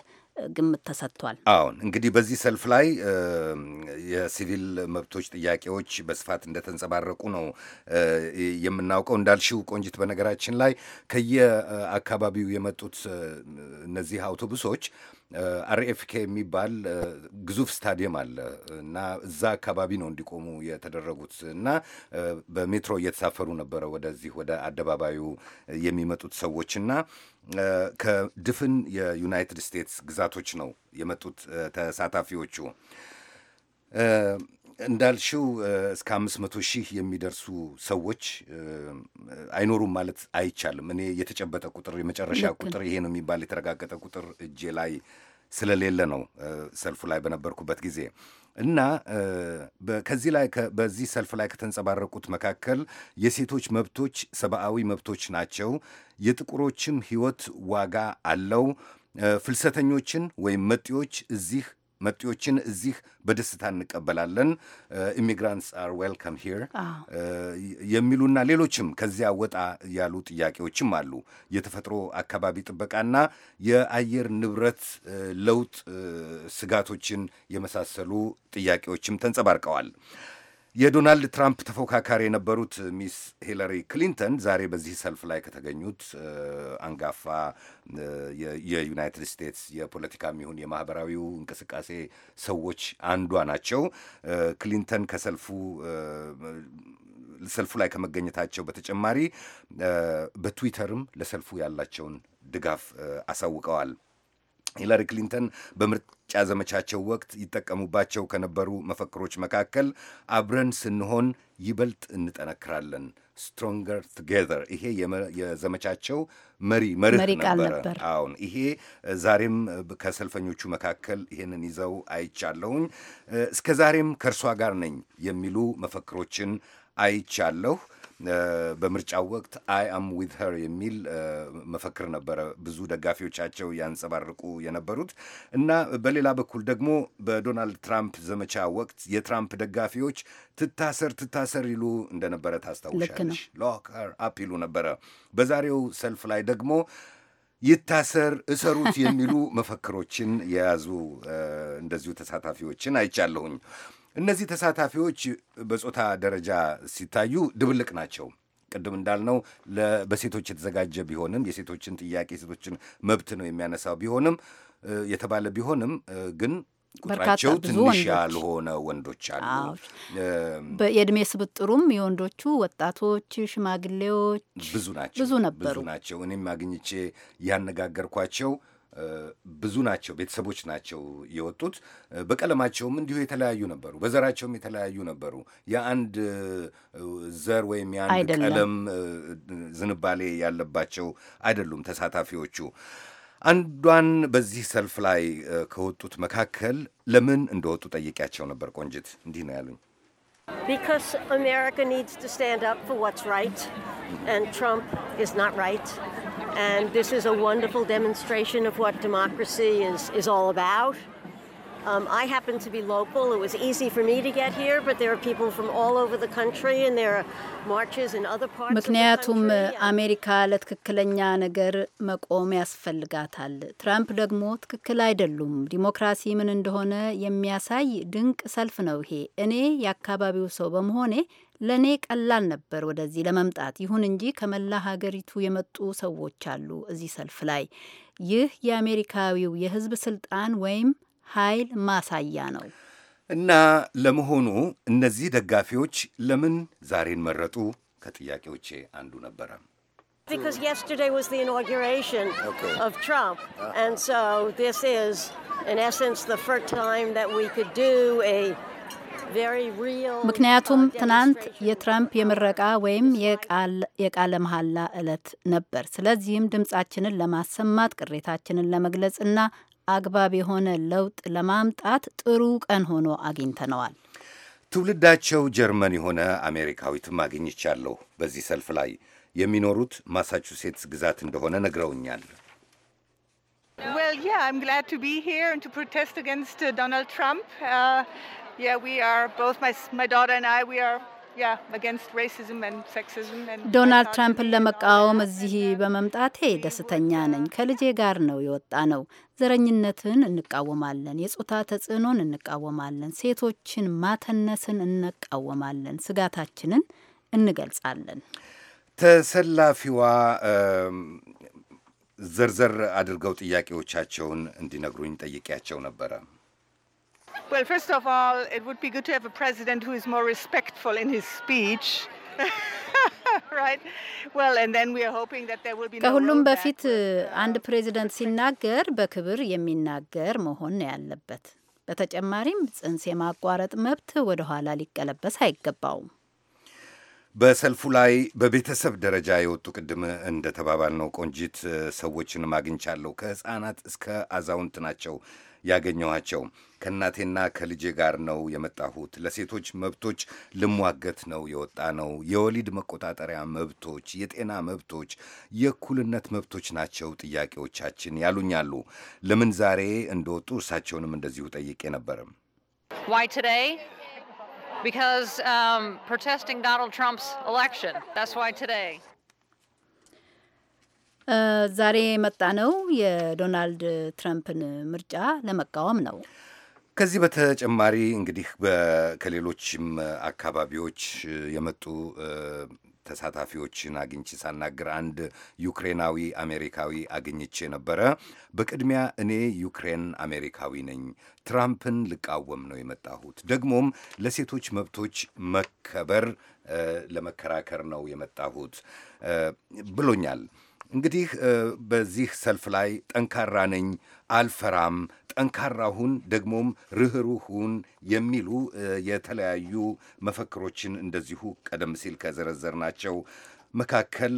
ግምት ተሰጥቷል። አሁን እንግዲህ በዚህ ሰልፍ ላይ የሲቪል መብቶች ጥያቄዎች በስፋት እንደተንጸባረቁ ነው የምናውቀው። እንዳልሽው ቆንጅት በነገራችን ላይ ከየአካባቢው የመጡት እነዚህ አውቶቡሶች አርኤፍኬ የሚባል ግዙፍ ስታዲየም አለ እና እዛ አካባቢ ነው እንዲቆሙ የተደረጉት እና በሜትሮ እየተሳፈሩ ነበረ ወደዚህ ወደ አደባባዩ የሚመጡት ሰዎች እና ከድፍን የዩናይትድ ስቴትስ ግዛቶች ነው የመጡት ተሳታፊዎቹ። እንዳልሽው እስከ አምስት መቶ ሺህ የሚደርሱ ሰዎች አይኖሩም ማለት አይቻልም። እኔ የተጨበጠ ቁጥር የመጨረሻ ቁጥር ይሄ ነው የሚባል የተረጋገጠ ቁጥር እጄ ላይ ስለሌለ ነው ሰልፉ ላይ በነበርኩበት ጊዜ እና ከዚህ ላይ በዚህ ሰልፍ ላይ ከተንጸባረቁት መካከል የሴቶች መብቶች ሰብአዊ መብቶች ናቸው፣ የጥቁሮችም ሕይወት ዋጋ አለው፣ ፍልሰተኞችን ወይም መጤዎች እዚህ መጤዎችን እዚህ በደስታ እንቀበላለን፣ ኢሚግራንትስ አር ዌልካም ሂር የሚሉና ሌሎችም ከዚያ ወጣ ያሉ ጥያቄዎችም አሉ። የተፈጥሮ አካባቢ ጥበቃና የአየር ንብረት uh, ለውጥ uh, ስጋቶችን የመሳሰሉ ጥያቄዎችም ተንጸባርቀዋል። የዶናልድ ትራምፕ ተፎካካሪ የነበሩት ሚስ ሂለሪ ክሊንተን ዛሬ በዚህ ሰልፍ ላይ ከተገኙት አንጋፋ የዩናይትድ ስቴትስ የፖለቲካም ይሁን የማህበራዊው እንቅስቃሴ ሰዎች አንዷ ናቸው። ክሊንተን ከሰልፉ ሰልፉ ላይ ከመገኘታቸው በተጨማሪ በትዊተርም ለሰልፉ ያላቸውን ድጋፍ አሳውቀዋል። ሂላሪ ክሊንተን በምርጫ ዘመቻቸው ወቅት ይጠቀሙባቸው ከነበሩ መፈክሮች መካከል አብረን ስንሆን ይበልጥ እንጠነክራለን፣ ስትሮንገር ቱጌዘር ይሄ የዘመቻቸው መሪ መርህ ነበር። አሁን ይሄ ዛሬም ከሰልፈኞቹ መካከል ይሄንን ይዘው አይቻለሁኝ። እስከ ዛሬም ከእርሷ ጋር ነኝ የሚሉ መፈክሮችን አይቻለሁ። በምርጫው ወቅት አይ አም ዊዝ ሄር የሚል መፈክር ነበረ ብዙ ደጋፊዎቻቸው ያንጸባርቁ የነበሩት እና በሌላ በኩል ደግሞ በዶናልድ ትራምፕ ዘመቻ ወቅት የትራምፕ ደጋፊዎች ትታሰር ትታሰር ይሉ እንደነበረ ታስታውሻለሽ። ሎክ ሄር አፕ ይሉ ነበረ። በዛሬው ሰልፍ ላይ ደግሞ ይታሰር እሰሩት የሚሉ <laughs> መፈክሮችን የያዙ እንደዚሁ ተሳታፊዎችን አይቻለሁኝ። እነዚህ ተሳታፊዎች በጾታ ደረጃ ሲታዩ ድብልቅ ናቸው። ቅድም እንዳልነው በሴቶች የተዘጋጀ ቢሆንም የሴቶችን ጥያቄ የሴቶችን መብት ነው የሚያነሳው ቢሆንም የተባለ ቢሆንም ግን ቁጥራቸው ትንሽ ያልሆነ ወንዶች አሉ። የእድሜ ስብጥሩም የወንዶቹ ወጣቶች፣ ሽማግሌዎች ብዙ ናቸው ብዙ ነበሩ ናቸው እኔም አግኝቼ ያነጋገርኳቸው ብዙ ናቸው፣ ቤተሰቦች ናቸው የወጡት። በቀለማቸውም እንዲሁ የተለያዩ ነበሩ፣ በዘራቸውም የተለያዩ ነበሩ። የአንድ ዘር ወይም የአንድ ቀለም ዝንባሌ ያለባቸው አይደሉም ተሳታፊዎቹ። አንዷን በዚህ ሰልፍ ላይ ከወጡት መካከል ለምን እንደወጡ ጠየቂያቸው ነበር። ቆንጅት እንዲህ ነው ያሉኝ። Because America needs to stand up for what's right, and Trump is not right. And this is a wonderful demonstration of what democracy is, is all about. Um, I happen to be local. It was easy for me to get here, but there are people from all over the country and there are marches in other parts ምክንያቱም አሜሪካ ለትክክለኛ ነገር መቆም ያስፈልጋታል። ትራምፕ ደግሞ ትክክል አይደሉም፣ ዲሞክራሲ ምን እንደሆነ የሚያሳይ ድንቅ ሰልፍ ነው ይሄ። እኔ የአካባቢው ሰው በመሆኔ ለእኔ ቀላል ነበር ወደዚህ ለመምጣት። ይሁን እንጂ ከመላ ሀገሪቱ የመጡ ሰዎች አሉ እዚህ ሰልፍ ላይ። ይህ የአሜሪካዊው የህዝብ ስልጣን ወይም ኃይል ማሳያ ነው። እና ለመሆኑ እነዚህ ደጋፊዎች ለምን ዛሬን መረጡ? ከጥያቄዎቼ አንዱ ነበረ። Because ምክንያቱም ትናንት የትራምፕ የምረቃ ወይም የቃለ መሐላ ዕለት ነበር። ስለዚህም ድምጻችንን ለማሰማት ቅሬታችንን ለመግለጽና አግባብ የሆነ ለውጥ ለማምጣት ጥሩ ቀን ሆኖ አግኝተነዋል። ትውልዳቸው ጀርመን የሆነ አሜሪካዊትም አግኝቻለሁ። በዚህ ሰልፍ ላይ የሚኖሩት ማሳቹሴትስ ግዛት እንደሆነ ነግረውኛል። Well, yeah, I'm glad to be here and to protest against uh, Donald Trump. Uh, ዶናልድ ትራምፕን ለመቃወም እዚህ በመምጣቴ ደስተኛ ነኝ። ከልጄ ጋር ነው የወጣ ነው። ዘረኝነትን እንቃወማለን፣ የጾታ ተጽዕኖን እንቃወማለን፣ ሴቶችን ማተነስን እንቃወማለን፣ ስጋታችንን እንገልጻለን። ተሰላፊዋ ዘርዘር አድርገው ጥያቄዎቻቸውን እንዲነግሩኝ ጠይቄያቸው ነበረ። Well, first of all, it would be good to have a president who is more respectful in his speech. <laughs> ከሁሉም በፊት uh, አንድ ፕሬዚደንት ሲናገር በክብር የሚናገር መሆን ያለበት። በተጨማሪም ጽንስ የማቋረጥ መብት ወደ ኋላ ሊቀለበስ አይገባውም። በሰልፉ ላይ በቤተሰብ ደረጃ የወጡ ቅድም እንደ ተባባል ነው ቆንጂት ሰዎችን ማግኝቻለሁ። ከህፃናት እስከ አዛውንት ናቸው ያገኘኋቸው። ከእናቴና ከልጄ ጋር ነው የመጣሁት። ለሴቶች መብቶች ልሟገት ነው የወጣ ነው። የወሊድ መቆጣጠሪያ መብቶች፣ የጤና መብቶች፣ የእኩልነት መብቶች ናቸው ጥያቄዎቻችን ያሉኛሉ። ለምን ዛሬ እንደወጡ እርሳቸውንም እንደዚሁ ጠይቄ ነበር። Because um, protesting Donald Trump's election. That's why today. ዛሬ የመጣ ነው የዶናልድ ትራምፕን ምርጫ ለመቃወም ነው። ከዚህ በተጨማሪ እንግዲህ ከሌሎችም አካባቢዎች የመጡ ተሳታፊዎችን አግኝቼ ሳናግር አንድ ዩክሬናዊ አሜሪካዊ አግኝቼ ነበረ። በቅድሚያ እኔ ዩክሬን አሜሪካዊ ነኝ፣ ትራምፕን ልቃወም ነው የመጣሁት፣ ደግሞም ለሴቶች መብቶች መከበር ለመከራከር ነው የመጣሁት ብሎኛል። እንግዲህ በዚህ ሰልፍ ላይ ጠንካራ ነኝ፣ አልፈራም፣ ጠንካራሁን ደግሞም ርኅሩሁን የሚሉ የተለያዩ መፈክሮችን እንደዚሁ ቀደም ሲል ከዘረዘርናቸው መካከል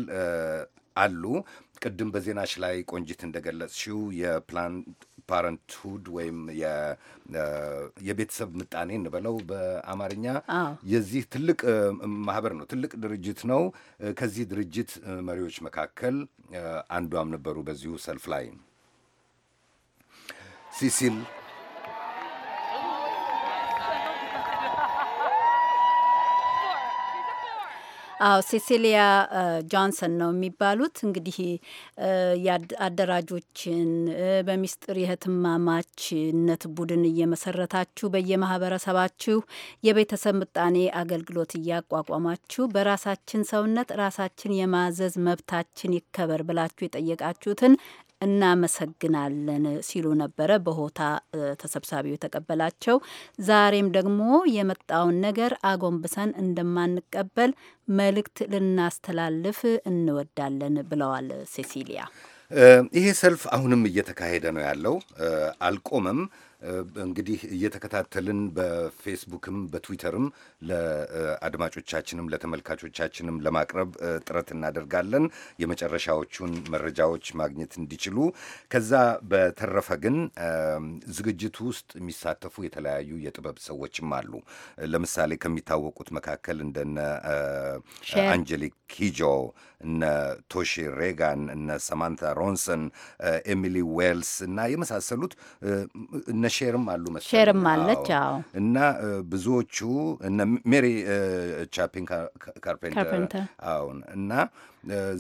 አሉ። ቅድም በዜናሽ ላይ ቆንጂት እንደገለጽሽው የፕላን ፓረንትሁድ ወይም የቤተሰብ ምጣኔ እንበለው በአማርኛ የዚህ ትልቅ ማህበር ነው፣ ትልቅ ድርጅት ነው። ከዚህ ድርጅት መሪዎች መካከል አንዷም ነበሩ በዚሁ ሰልፍ ላይ ሲሲል አዎ ሴሲሊያ ጆንሰን ነው የሚባሉት። እንግዲህ አደራጆችን በሚስጥር የህትማማችነት ቡድን እየመሰረታችሁ በየማህበረሰባችሁ የቤተሰብ ምጣኔ አገልግሎት እያቋቋማችሁ በራሳችን ሰውነት ራሳችን የማዘዝ መብታችን ይከበር ብላችሁ የጠየቃችሁትን እናመሰግናለን ሲሉ ነበረ በሆታ ተሰብሳቢው የተቀበላቸው። ዛሬም ደግሞ የመጣውን ነገር አጎንብሰን እንደማንቀበል መልእክት ልናስተላልፍ እንወዳለን ብለዋል ሴሲሊያ። ይሄ ሰልፍ አሁንም እየተካሄደ ነው ያለው፣ አልቆመም። እንግዲህ እየተከታተልን በፌስቡክም በትዊተርም ለአድማጮቻችንም ለተመልካቾቻችንም ለማቅረብ ጥረት እናደርጋለን የመጨረሻዎቹን መረጃዎች ማግኘት እንዲችሉ። ከዛ በተረፈ ግን ዝግጅቱ ውስጥ የሚሳተፉ የተለያዩ የጥበብ ሰዎችም አሉ። ለምሳሌ ከሚታወቁት መካከል እንደነ አንጀሊክ ኪጆ፣ እነ ቶሺ ሬጋን፣ እነ ሰማንታ ሮንሰን፣ ኤሚሊ ዌልስ እና የመሳሰሉት እነ ሼርም አሉ መሰለኝ። ሼርም አለች። አዎ። እና ብዙዎቹ ሜሪ ቻፒን ካርፔንተር። እና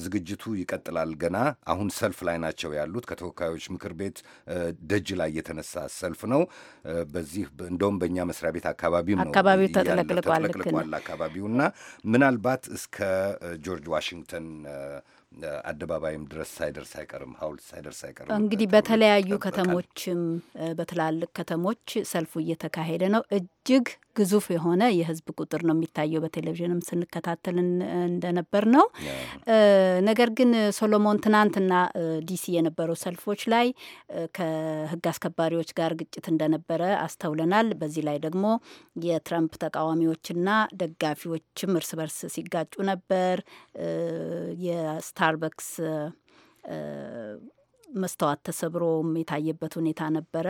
ዝግጅቱ ይቀጥላል ገና። አሁን ሰልፍ ላይ ናቸው ያሉት። ከተወካዮች ምክር ቤት ደጅ ላይ የተነሳ ሰልፍ ነው። በዚህ እንደውም በእኛ መስሪያ ቤት አካባቢም ነው አካባቢው ተጥለቅልቋል እና ምናልባት እስከ ጆርጅ ዋሽንግተን አደባባይም ድረስ ሳይደርስ አይቀርም፣ ሀውልት ሳይደርስ አይቀርም። እንግዲህ በተለያዩ ከተሞችም በትላልቅ ከተሞች ሰልፉ እየተካሄደ ነው። እጅግ ግዙፍ የሆነ የህዝብ ቁጥር ነው የሚታየው። በቴሌቪዥንም ስንከታተል እንደነበር ነው። ነገር ግን ሶሎሞን ትናንትና ዲሲ የነበሩ ሰልፎች ላይ ከህግ አስከባሪዎች ጋር ግጭት እንደነበረ አስተውለናል። በዚህ ላይ ደግሞ የትራምፕ ተቃዋሚዎችና ደጋፊዎችም እርስ በርስ ሲጋጩ ነበር። የስታርበክስ መስተዋት ተሰብሮም የታየበት ሁኔታ ነበረ፣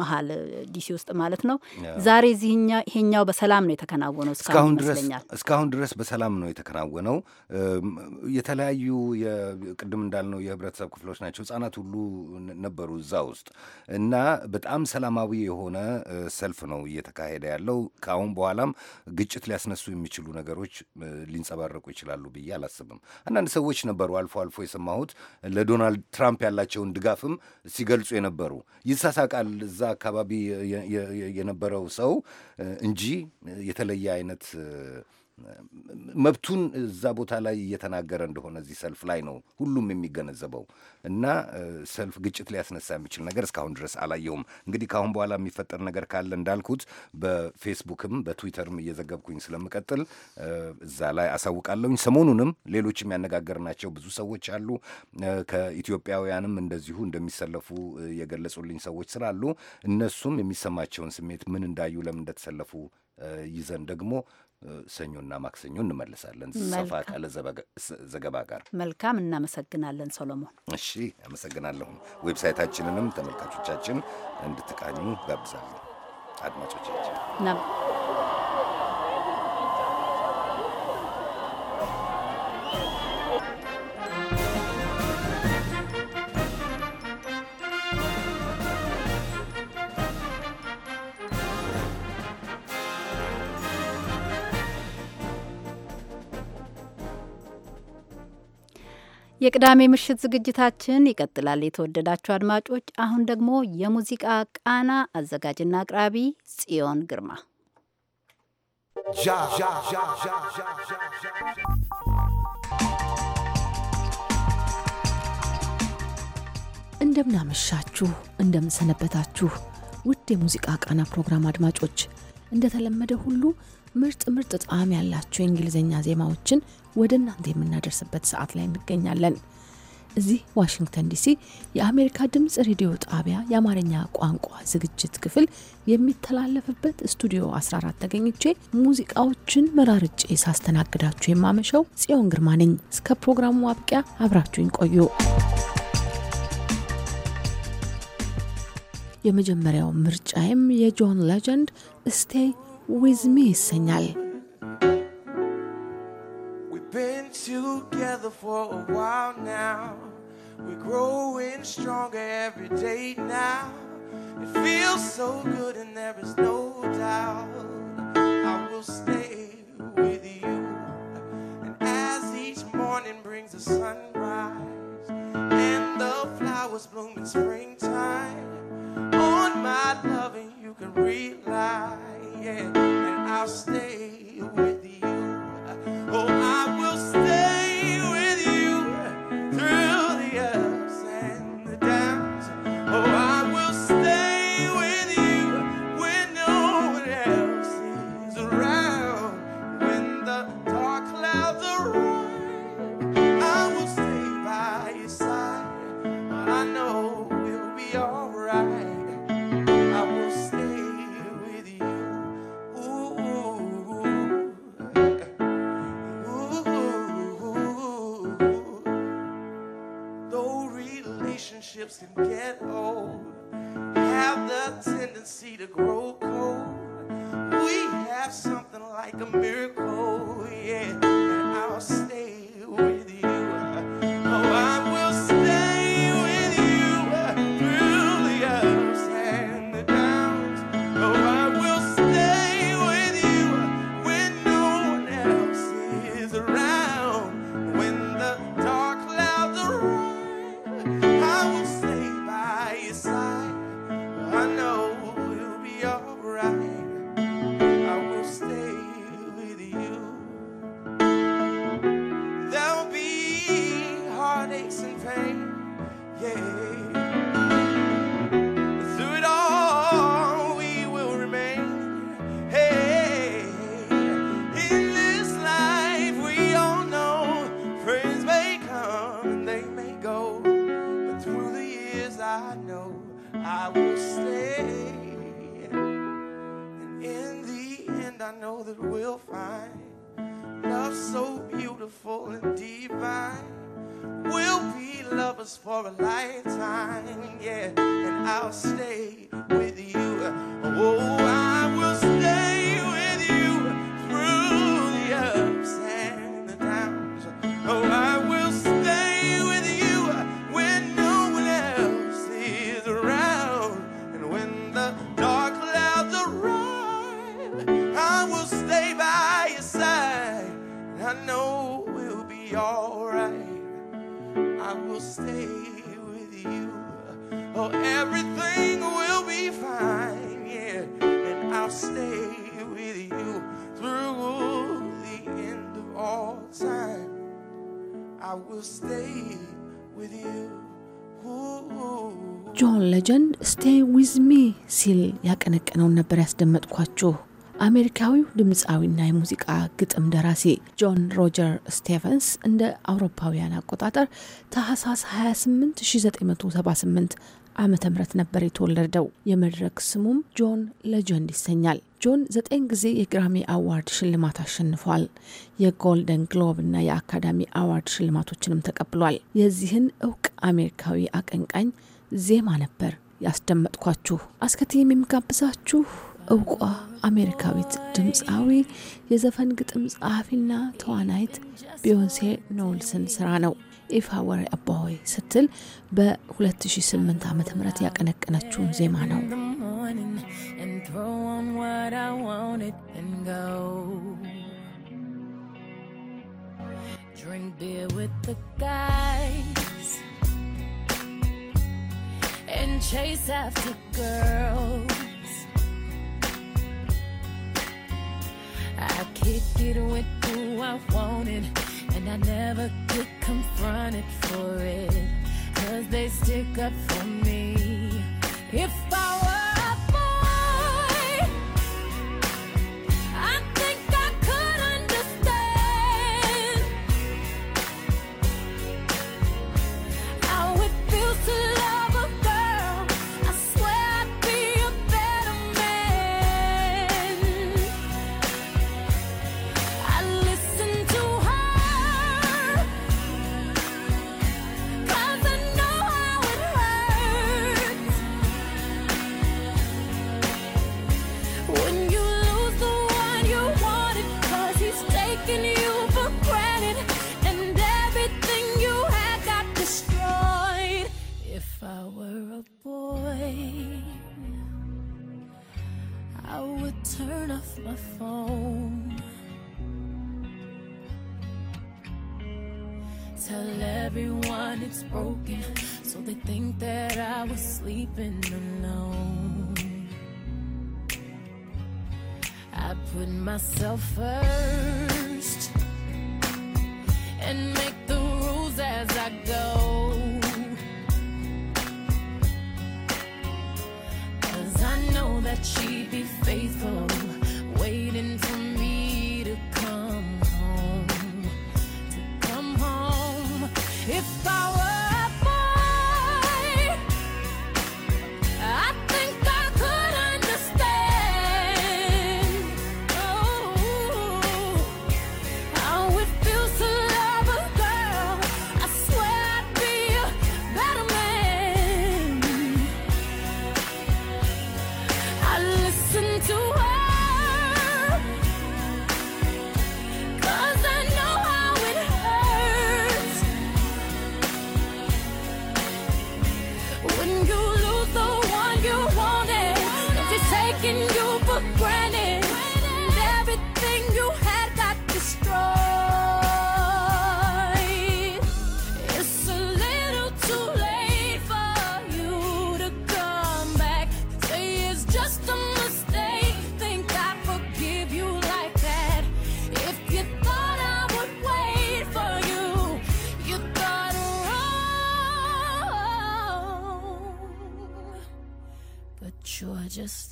መሀል ዲሲ ውስጥ ማለት ነው። ዛሬ እዚህኛ ይሄኛው በሰላም ነው የተከናወነው። እስካሁን ይመስለኛል እስካሁን ድረስ በሰላም ነው የተከናወነው። የተለያዩ ቅድም እንዳልነው የህብረተሰብ ክፍሎች ናቸው፣ ህጻናት ሁሉ ነበሩ እዛ ውስጥ እና በጣም ሰላማዊ የሆነ ሰልፍ ነው እየተካሄደ ያለው። ከአሁን በኋላም ግጭት ሊያስነሱ የሚችሉ ነገሮች ሊንጸባረቁ ይችላሉ ብዬ አላስብም። አንዳንድ ሰዎች ነበሩ አልፎ አልፎ የሰማሁት ለዶናልድ ትራምፕ ያላቸውን ድጋፍም ሲገልጹ የነበሩ ይሳሳቃል። እዛ አካባቢ የነበረው ሰው እንጂ የተለየ አይነት መብቱን እዛ ቦታ ላይ እየተናገረ እንደሆነ እዚህ ሰልፍ ላይ ነው ሁሉም የሚገነዘበው እና ሰልፍ ግጭት ሊያስነሳ የሚችል ነገር እስካሁን ድረስ አላየውም። እንግዲህ ከአሁን በኋላ የሚፈጠር ነገር ካለ እንዳልኩት በፌስቡክም በትዊተርም እየዘገብኩኝ ስለምቀጥል እዛ ላይ አሳውቃለሁኝ። ሰሞኑንም ሌሎች የሚያነጋገርናቸው ብዙ ሰዎች አሉ። ከኢትዮጵያውያንም እንደዚሁ እንደሚሰለፉ የገለጹልኝ ሰዎች ስላሉ እነሱም የሚሰማቸውን ስሜት ምን እንዳዩ፣ ለምን እንደተሰለፉ ይዘን ደግሞ ሰኞና ማክሰኞ እንመልሳለን ሰፋ ካለ ዘገባ ጋር። መልካም እናመሰግናለን ሰሎሞን። እሺ አመሰግናለሁ። ዌብሳይታችንንም ተመልካቾቻችን እንድትቃኙ ጋብዛለሁ አድማጮቻችን የቅዳሜ ምሽት ዝግጅታችን ይቀጥላል። የተወደዳችሁ አድማጮች፣ አሁን ደግሞ የሙዚቃ ቃና አዘጋጅና አቅራቢ ጽዮን ግርማ እንደምናመሻችሁ፣ እንደምንሰነበታችሁ ውድ የሙዚቃ ቃና ፕሮግራም አድማጮች እንደተለመደ ሁሉ ምርጥ ምርጥ ጣዕም ያላቸው የእንግሊዝኛ ዜማዎችን ወደ እናንተ የምናደርስበት ሰዓት ላይ እንገኛለን። እዚህ ዋሽንግተን ዲሲ የአሜሪካ ድምፅ ሬዲዮ ጣቢያ የአማርኛ ቋንቋ ዝግጅት ክፍል የሚተላለፍበት ስቱዲዮ 14 ተገኝቼ ሙዚቃዎችን መራርጬ ሳስተናግዳችሁ የማመሸው ጽዮን ግርማ ነኝ። እስከ ፕሮግራሙ ማብቂያ አብራችሁኝ ቆዩ። የመጀመሪያው ምርጫዬም የጆን ሌጀንድ ስቴይ ዊዝ ሚ ይሰኛል። together for a while now. We're growing stronger every day now. It feels so good, and there is no doubt I will stay with you. And as each morning brings the sunrise and the flowers bloom in springtime, on my loving you can rely. Yeah, and I'll stay with you. Oh, I friendships can get old, have the tendency to grow cold. We have something like a miracle. ነውን ነበር ያስደመጥኳችሁ። አሜሪካዊው ድምፃዊና የሙዚቃ ግጥም ደራሲ ጆን ሮጀር ስቴቨንስ እንደ አውሮፓውያን አቆጣጠር ታህሳስ 28 1978 ዓመተ ምህረት ነበር የተወለደው። የመድረክ ስሙም ጆን ሌጀንድ ይሰኛል። ጆን ዘጠኝ ጊዜ የግራሚ አዋርድ ሽልማት አሸንፏል። የጎልደን ግሎብ እና የአካዳሚ አዋርድ ሽልማቶችንም ተቀብሏል። የዚህን እውቅ አሜሪካዊ አቀንቃኝ ዜማ ነበር ያስደመጥኳችሁ። አስከትም የሚጋብዛችሁ እውቋ አሜሪካዊት ድምፃዊ የዘፈን ግጥም ጸሐፊና ተዋናይት ቢዮንሴ ኖልስን ስራ ነው። ኢፋ ወር ስትል በ2008 ዓ ም ያቀነቀነችውን ዜማ ነው። Drink beer with the guys and chase after girls. I kicked it with who I wanted, and I never get confronted for it. Cause they stick up for me. If I was. were a boy, I would turn off my phone. Tell everyone it's broken, so they think that I was sleeping alone. I put myself first and make the rules as I go. that she'd be faithful, waiting for me.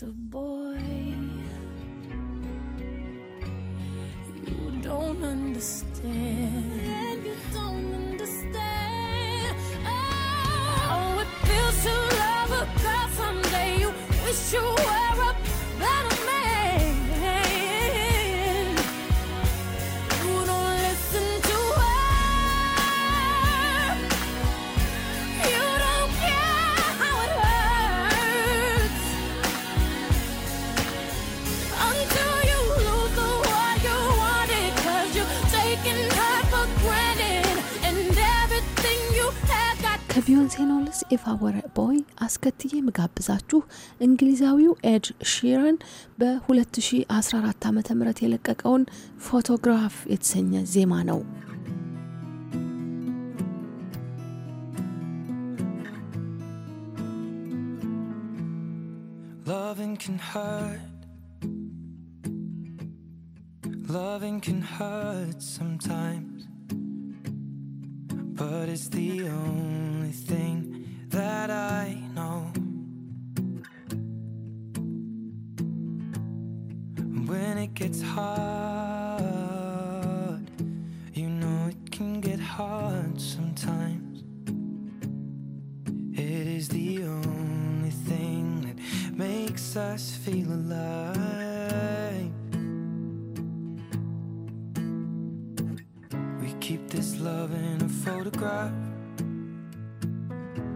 of boy. ዳንሴኖልስ ኤፋወረ ቦይ አስከትዬ የምጋብዛችሁ እንግሊዛዊው ኤድ ሺረን በ2014 ዓ ም የለቀቀውን ፎቶግራፍ የተሰኘ ዜማ ነው። Loving can hurt. Loving can hurt sometimes. but it's the only thing that I know. When it gets hard, you know it can get hard sometimes. It is the only thing that makes us feel alive. love in a photograph.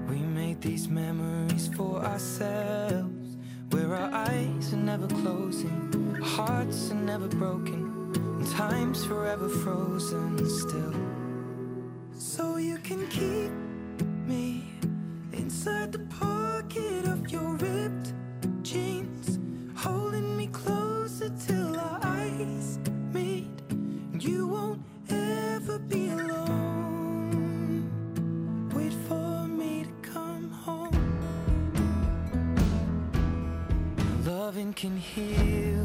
We made these memories for ourselves, where our eyes are never closing, our hearts are never broken, and time's forever frozen still. So you can keep me inside the pocket of your ripped. can heal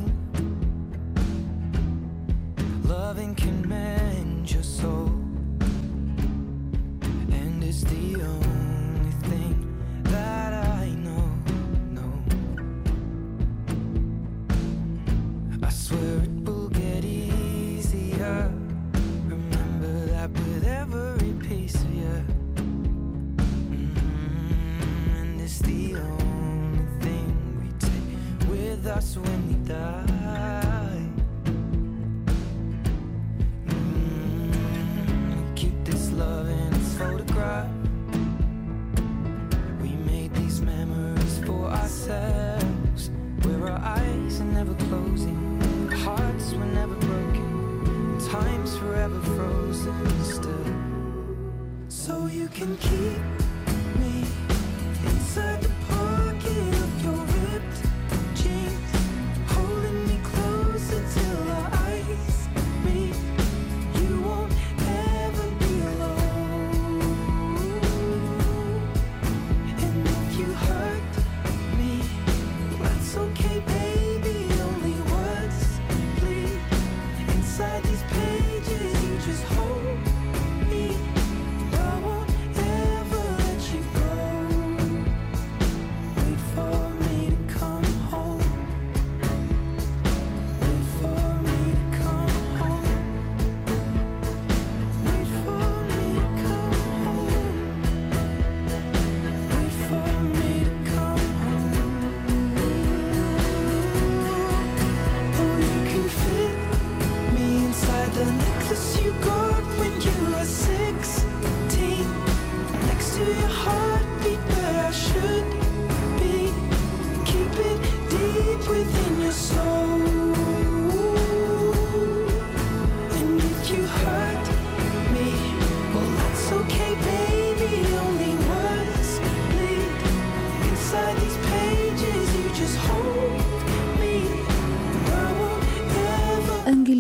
within your soul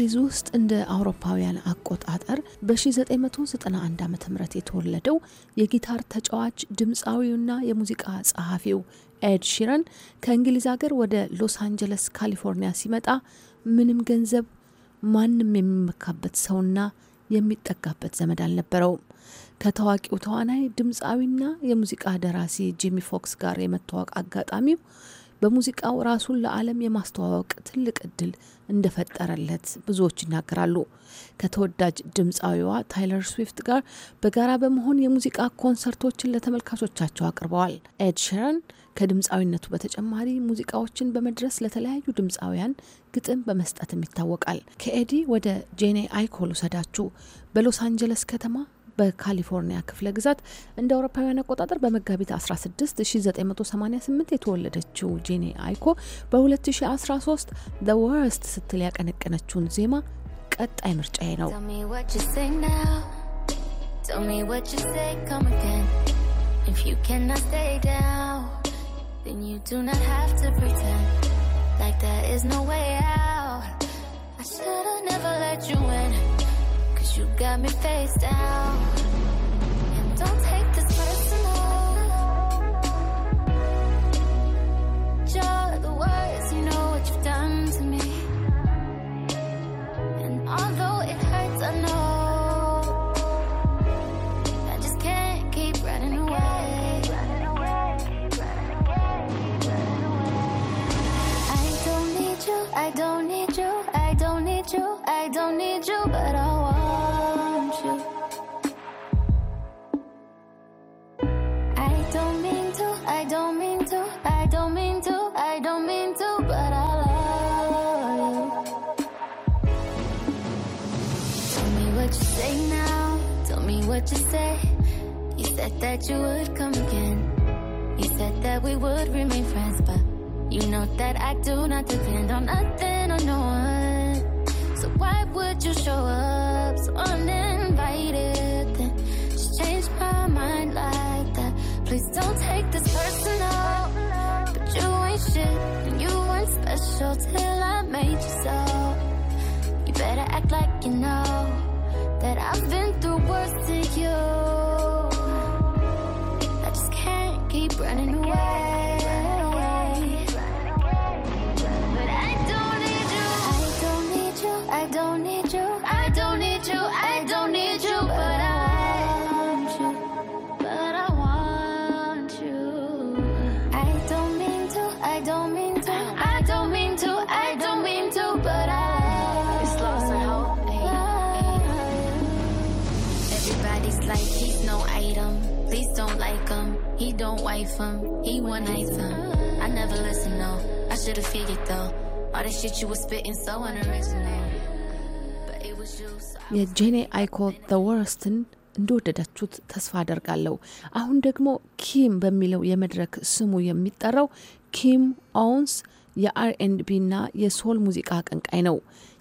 እንግሊዝ ውስጥ እንደ አውሮፓውያን አቆጣጠር በ1991 ዓ ም የተወለደው የጊታር ተጫዋች ድምፃዊውና የሙዚቃ ጸሐፊው ኤድ ሺረን ከእንግሊዝ ሀገር ወደ ሎስ አንጀለስ ካሊፎርኒያ ሲመጣ ምንም ገንዘብ፣ ማንም የሚመካበት ሰውና የሚጠጋበት ዘመድ አልነበረውም። ከታዋቂው ተዋናይ ድምፃዊና የሙዚቃ ደራሲ ጂሚ ፎክስ ጋር የመተዋወቅ አጋጣሚው በሙዚቃው ራሱን ለዓለም የማስተዋወቅ ትልቅ እድል እንደፈጠረለት ብዙዎች ይናገራሉ። ከተወዳጅ ድምፃዊዋ ታይለር ስዊፍት ጋር በጋራ በመሆን የሙዚቃ ኮንሰርቶችን ለተመልካቾቻቸው አቅርበዋል። ኤድ ሸረን ከድምፃዊነቱ በተጨማሪ ሙዚቃዎችን በመድረስ ለተለያዩ ድምፃውያን ግጥም በመስጠትም ይታወቃል። ከኤዲ ወደ ጄኔ አይኮል ውሰዳችሁ በሎስ አንጀለስ ከተማ በካሊፎርኒያ ክፍለ ግዛት እንደ አውሮፓውያን አቆጣጠር በመጋቢት 16 1988 የተወለደችው ጄኒ አይኮ በ2013 ዘ ወርስት ስትል ያቀነቀነችውን ዜማ ቀጣይ ምርጫዬ ነው። I never let you in Cause you got me face down. And don't take this personal. you the words. you know what you've done to me. የጄኔ አይኮ ዘ ወርስትን እንደወደዳችሁት ተስፋ አደርጋለሁ። አሁን ደግሞ ኪም በሚለው የመድረክ ስሙ የሚጠራው ኪም ኦውንስ የአርኤንቢ እና የሶል ሙዚቃ አቀንቃይ ነው።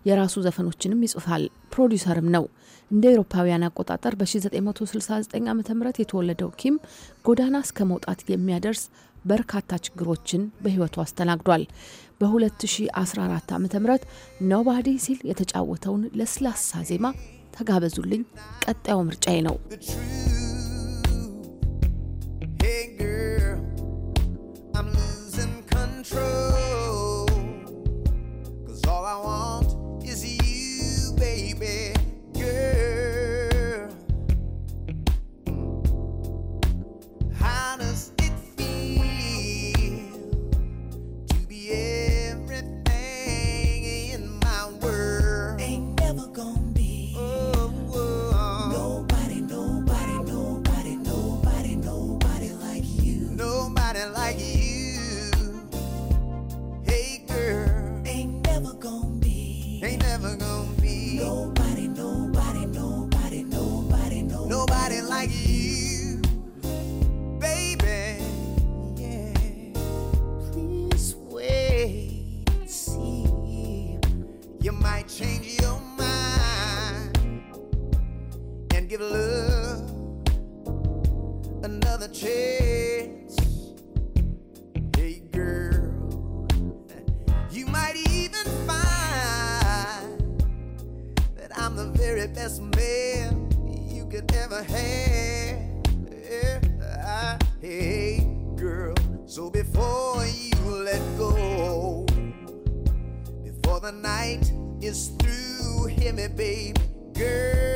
የራሱ ዘፈኖችንም ይጽፋል፣ ፕሮዲሰርም ነው። እንደ ኤሮፓውያን አቆጣጠር በ1969 ዓ ም የተወለደው ኪም ጎዳና እስከ መውጣት የሚያደርስ በርካታ ችግሮችን በህይወቱ አስተናግዷል። በ2014 ዓ ም ኖባዲ ሲል የተጫወተውን ለስላሳ ዜማ ተጋበዙልኝ፣ ቀጣዩ ምርጫዬ ነው። control. never had. Yeah, I hate, girl. So before you let go, before the night is through, hear me, baby, girl.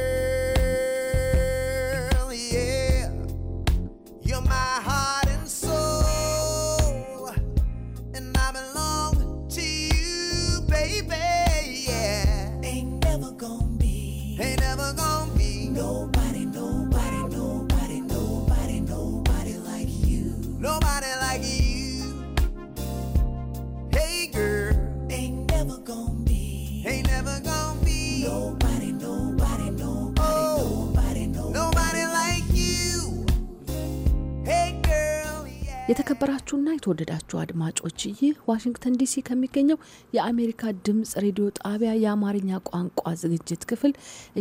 የተከበራችሁና የተወደዳችሁ አድማጮች ይህ ዋሽንግተን ዲሲ ከሚገኘው የአሜሪካ ድምጽ ሬዲዮ ጣቢያ የአማርኛ ቋንቋ ዝግጅት ክፍል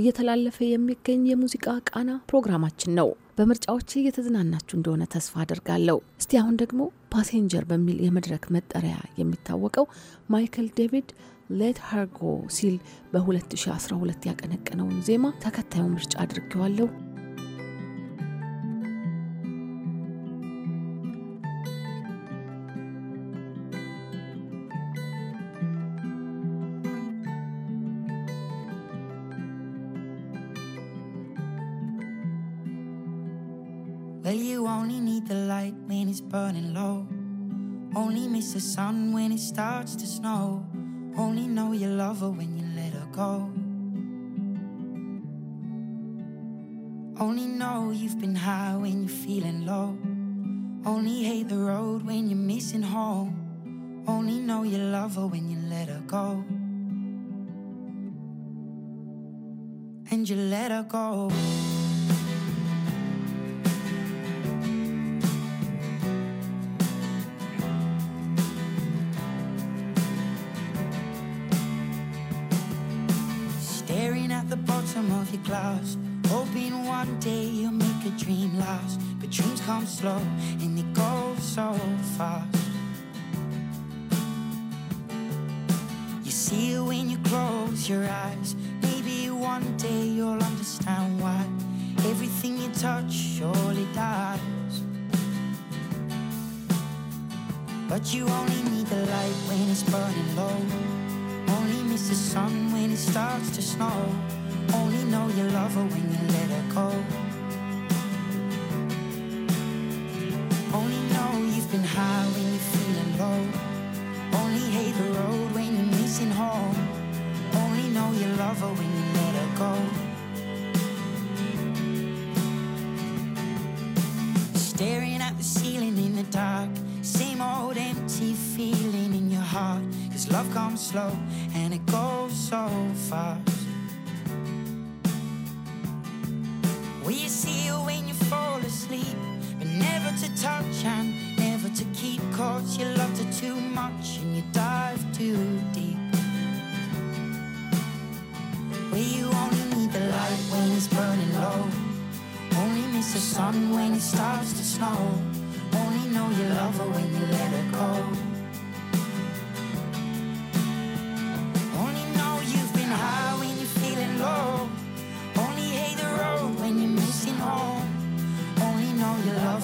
እየተላለፈ የሚገኝ የሙዚቃ ቃና ፕሮግራማችን ነው። በምርጫዎች እየተዝናናችሁ እንደሆነ ተስፋ አድርጋለሁ። እስቲ አሁን ደግሞ ፓሴንጀር በሚል የመድረክ መጠሪያ የሚታወቀው ማይክል ዴቪድ ሌት ሃርጎ ሲል በ2012 ያቀነቀነውን ዜማ ተከታዩ ምርጫ አድርጌዋለሁ። you only need the light when it's burning low. Only miss the sun when it starts to snow. Only know you love her when you let her go. Only know you've been high when you're feeling low. Only hate the road when you're missing home. Only know you love her when you let her go. And you let her go. a glass, hoping one day you'll make a dream last. But dreams come slow and they go so fast. You see it when you close your eyes. Maybe one day you'll understand why everything you touch surely dies. But you only need the light when it's burning low. Only miss the sun when it starts to snow. Only know you love her when you let her go. Only know you've been high when you're feeling low. Only hate the road when you're missing home. Only know you love her when you let her go. Staring at the ceiling in the dark. Same old empty feeling in your heart. Cause love comes slow and it goes so fast. sleep, but never to touch and never to keep. Cause you loved her too much and you dive too deep. Where you only need the light when it's burning low. Only miss the sun when it starts to snow. Only know you love her when you let her go.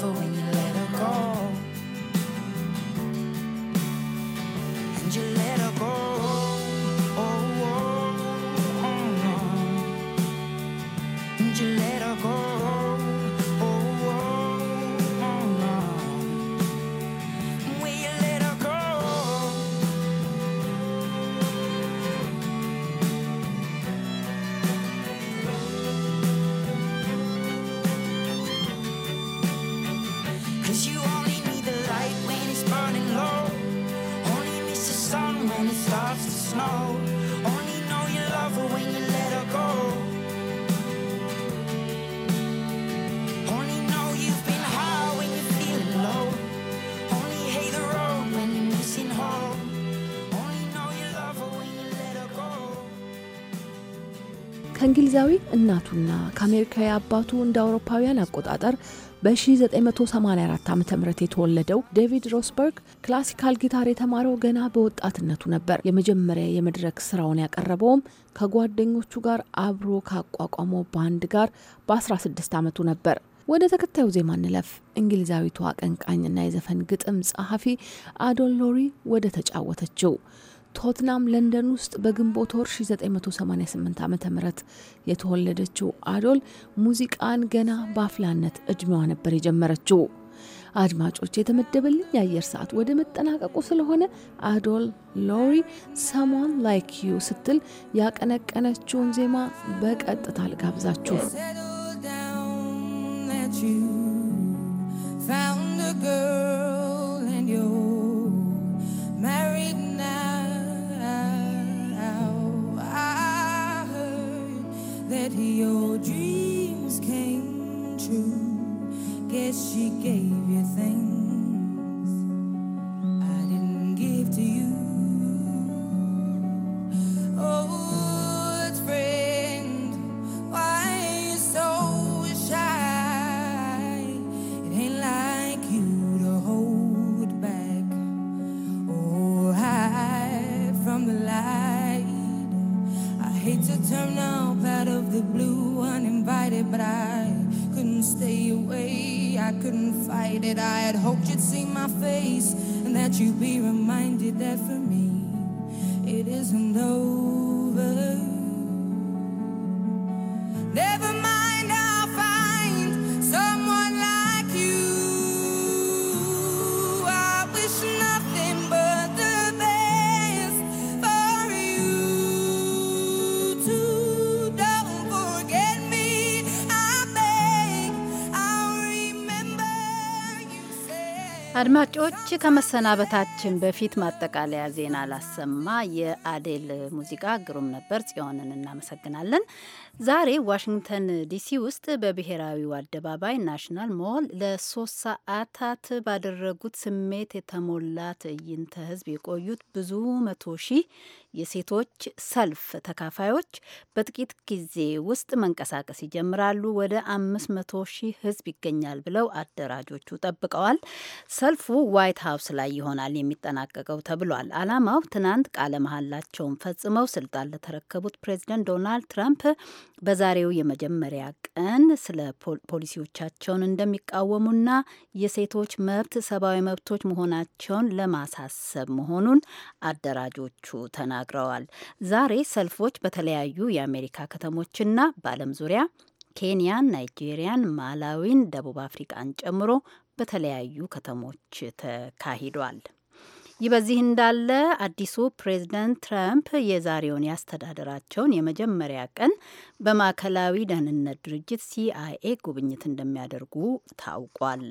when you let her go. And you let her go. ከእንግሊዛዊ እናቱና ከአሜሪካዊ አባቱ እንደ አውሮፓውያን አቆጣጠር በ1984 ዓ ም የተወለደው ዴቪድ ሮስበርግ ክላሲካል ጊታር የተማረው ገና በወጣትነቱ ነበር። የመጀመሪያ የመድረክ ስራውን ያቀረበውም ከጓደኞቹ ጋር አብሮ ካቋቋመው ባንድ ጋር በ16 ዓመቱ ነበር። ወደ ተከታዩ ዜማ እንለፍ። እንግሊዛዊቷ አቀንቃኝና የዘፈን ግጥም ጸሐፊ አዶል ሎሪ ወደ ተጫወተችው ቶትናም ለንደን ውስጥ በግንቦት ወር 1988 ዓ ም የተወለደችው አዶል ሙዚቃን ገና በአፍላነት እድሜዋ ነበር የጀመረችው። አድማጮች፣ የተመደበልኝ የአየር ሰዓት ወደ መጠናቀቁ ስለሆነ አዶል ሎሪ ሰሞን ላይክ ዩ ስትል ያቀነቀነችውን ዜማ በቀጥታ ልጋብዛችሁ። Found a girl and said your dreams came true. Guess she gave you things. my face, and that you be reminded that for አድማጮች ከመሰናበታችን በፊት ማጠቃለያ ዜና ላሰማ። የአዴል ሙዚቃ ግሩም ነበር። ጽዮንን እናመሰግናለን። ዛሬ ዋሽንግተን ዲሲ ውስጥ በብሔራዊው አደባባይ ናሽናል ሞል ለሶስት ሰዓታት ባደረጉት ስሜት የተሞላ ትዕይንተ ህዝብ የቆዩት ብዙ መቶ ሺህ የሴቶች ሰልፍ ተካፋዮች በጥቂት ጊዜ ውስጥ መንቀሳቀስ ይጀምራሉ። ወደ አምስት መቶ ሺህ ህዝብ ይገኛል ብለው አደራጆቹ ጠብቀዋል። ሰልፉ ዋይት ሀውስ ላይ ይሆናል የሚጠናቀቀው ተብሏል። አላማው ትናንት ቃለ መሀላቸውን ፈጽመው ስልጣን ለተረከቡት ፕሬዚደንት ዶናልድ ትራምፕ በዛሬው የመጀመሪያ ቀን ስለ ፖሊሲዎቻቸውን እንደሚቃወሙና የሴቶች መብት ሰብአዊ መብቶች መሆናቸውን ለማሳሰብ መሆኑን አደራጆቹ ተናግረዋል። ዛሬ ሰልፎች በተለያዩ የአሜሪካ ከተሞችና በዓለም ዙሪያ ኬንያን፣ ናይጄሪያን፣ ማላዊን፣ ደቡብ አፍሪቃን ጨምሮ በተለያዩ ከተሞች ተካሂዷል። ይህ በዚህ እንዳለ አዲሱ ፕሬዚደንት ትራምፕ የዛሬውን ያስተዳደራቸውን የመጀመሪያ ቀን በማዕከላዊ ደህንነት ድርጅት ሲአይኤ ጉብኝት እንደሚያደርጉ ታውቋል።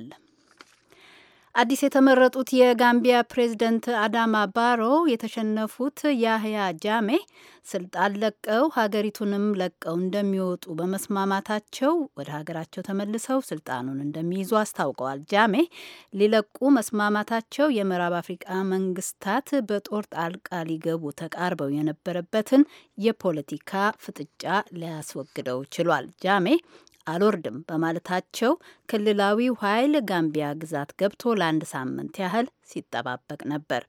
አዲስ የተመረጡት የጋምቢያ ፕሬዝደንት አዳማ ባሮ የተሸነፉት ያህያ ጃሜ ስልጣን ለቀው ሀገሪቱንም ለቀው እንደሚወጡ በመስማማታቸው ወደ ሀገራቸው ተመልሰው ስልጣኑን እንደሚይዙ አስታውቀዋል። ጃሜ ሊለቁ መስማማታቸው የምዕራብ አፍሪቃ መንግስታት በጦር ጣልቃ ሊገቡ ተቃርበው የነበረበትን የፖለቲካ ፍጥጫ ሊያስወግደው ችሏል። ጃሜ አልወርድም በማለታቸው ክልላዊው ኃይል ጋምቢያ ግዛት ገብቶ ለአንድ ሳምንት ያህል ሲጠባበቅ ነበር።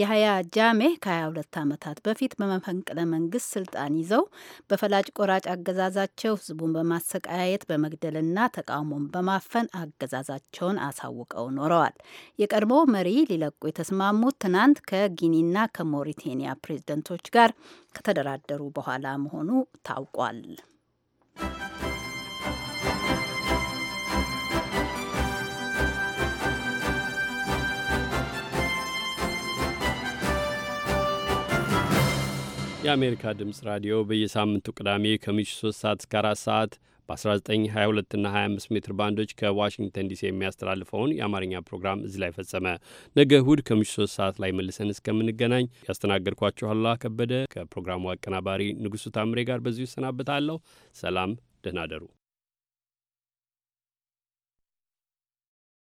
የሀያ ጃሜ ከ22 ዓመታት በፊት በመፈንቅለ መንግስት ስልጣን ይዘው በፈላጭ ቆራጭ አገዛዛቸው ህዝቡን በማሰቃየት በመግደልና ተቃውሞን በማፈን አገዛዛቸውን አሳውቀው ኖረዋል። የቀድሞ መሪ ሊለቁ የተስማሙት ትናንት ከጊኒና ከሞሪቴኒያ ፕሬዝደንቶች ጋር ከተደራደሩ በኋላ መሆኑ ታውቋል። የአሜሪካ ድምፅ ራዲዮ በየሳምንቱ ቅዳሜ ከምሽቱ 3 ሰዓት እስከ 4 ሰዓት በ1922 እና 25 ሜትር ባንዶች ከዋሽንግተን ዲሲ የሚያስተላልፈውን የአማርኛ ፕሮግራም እዚህ ላይ ፈጸመ። ነገ እሁድ ከምሽቱ 3 ሰዓት ላይ መልሰን እስከምንገናኝ ያስተናገድኳችሁ አሉላ ከበደ ከፕሮግራሙ አቀናባሪ ንጉሡ ታምሬ ጋር በዚሁ ይሰናበታለሁ። ሰላም፣ ደህና ደሩ።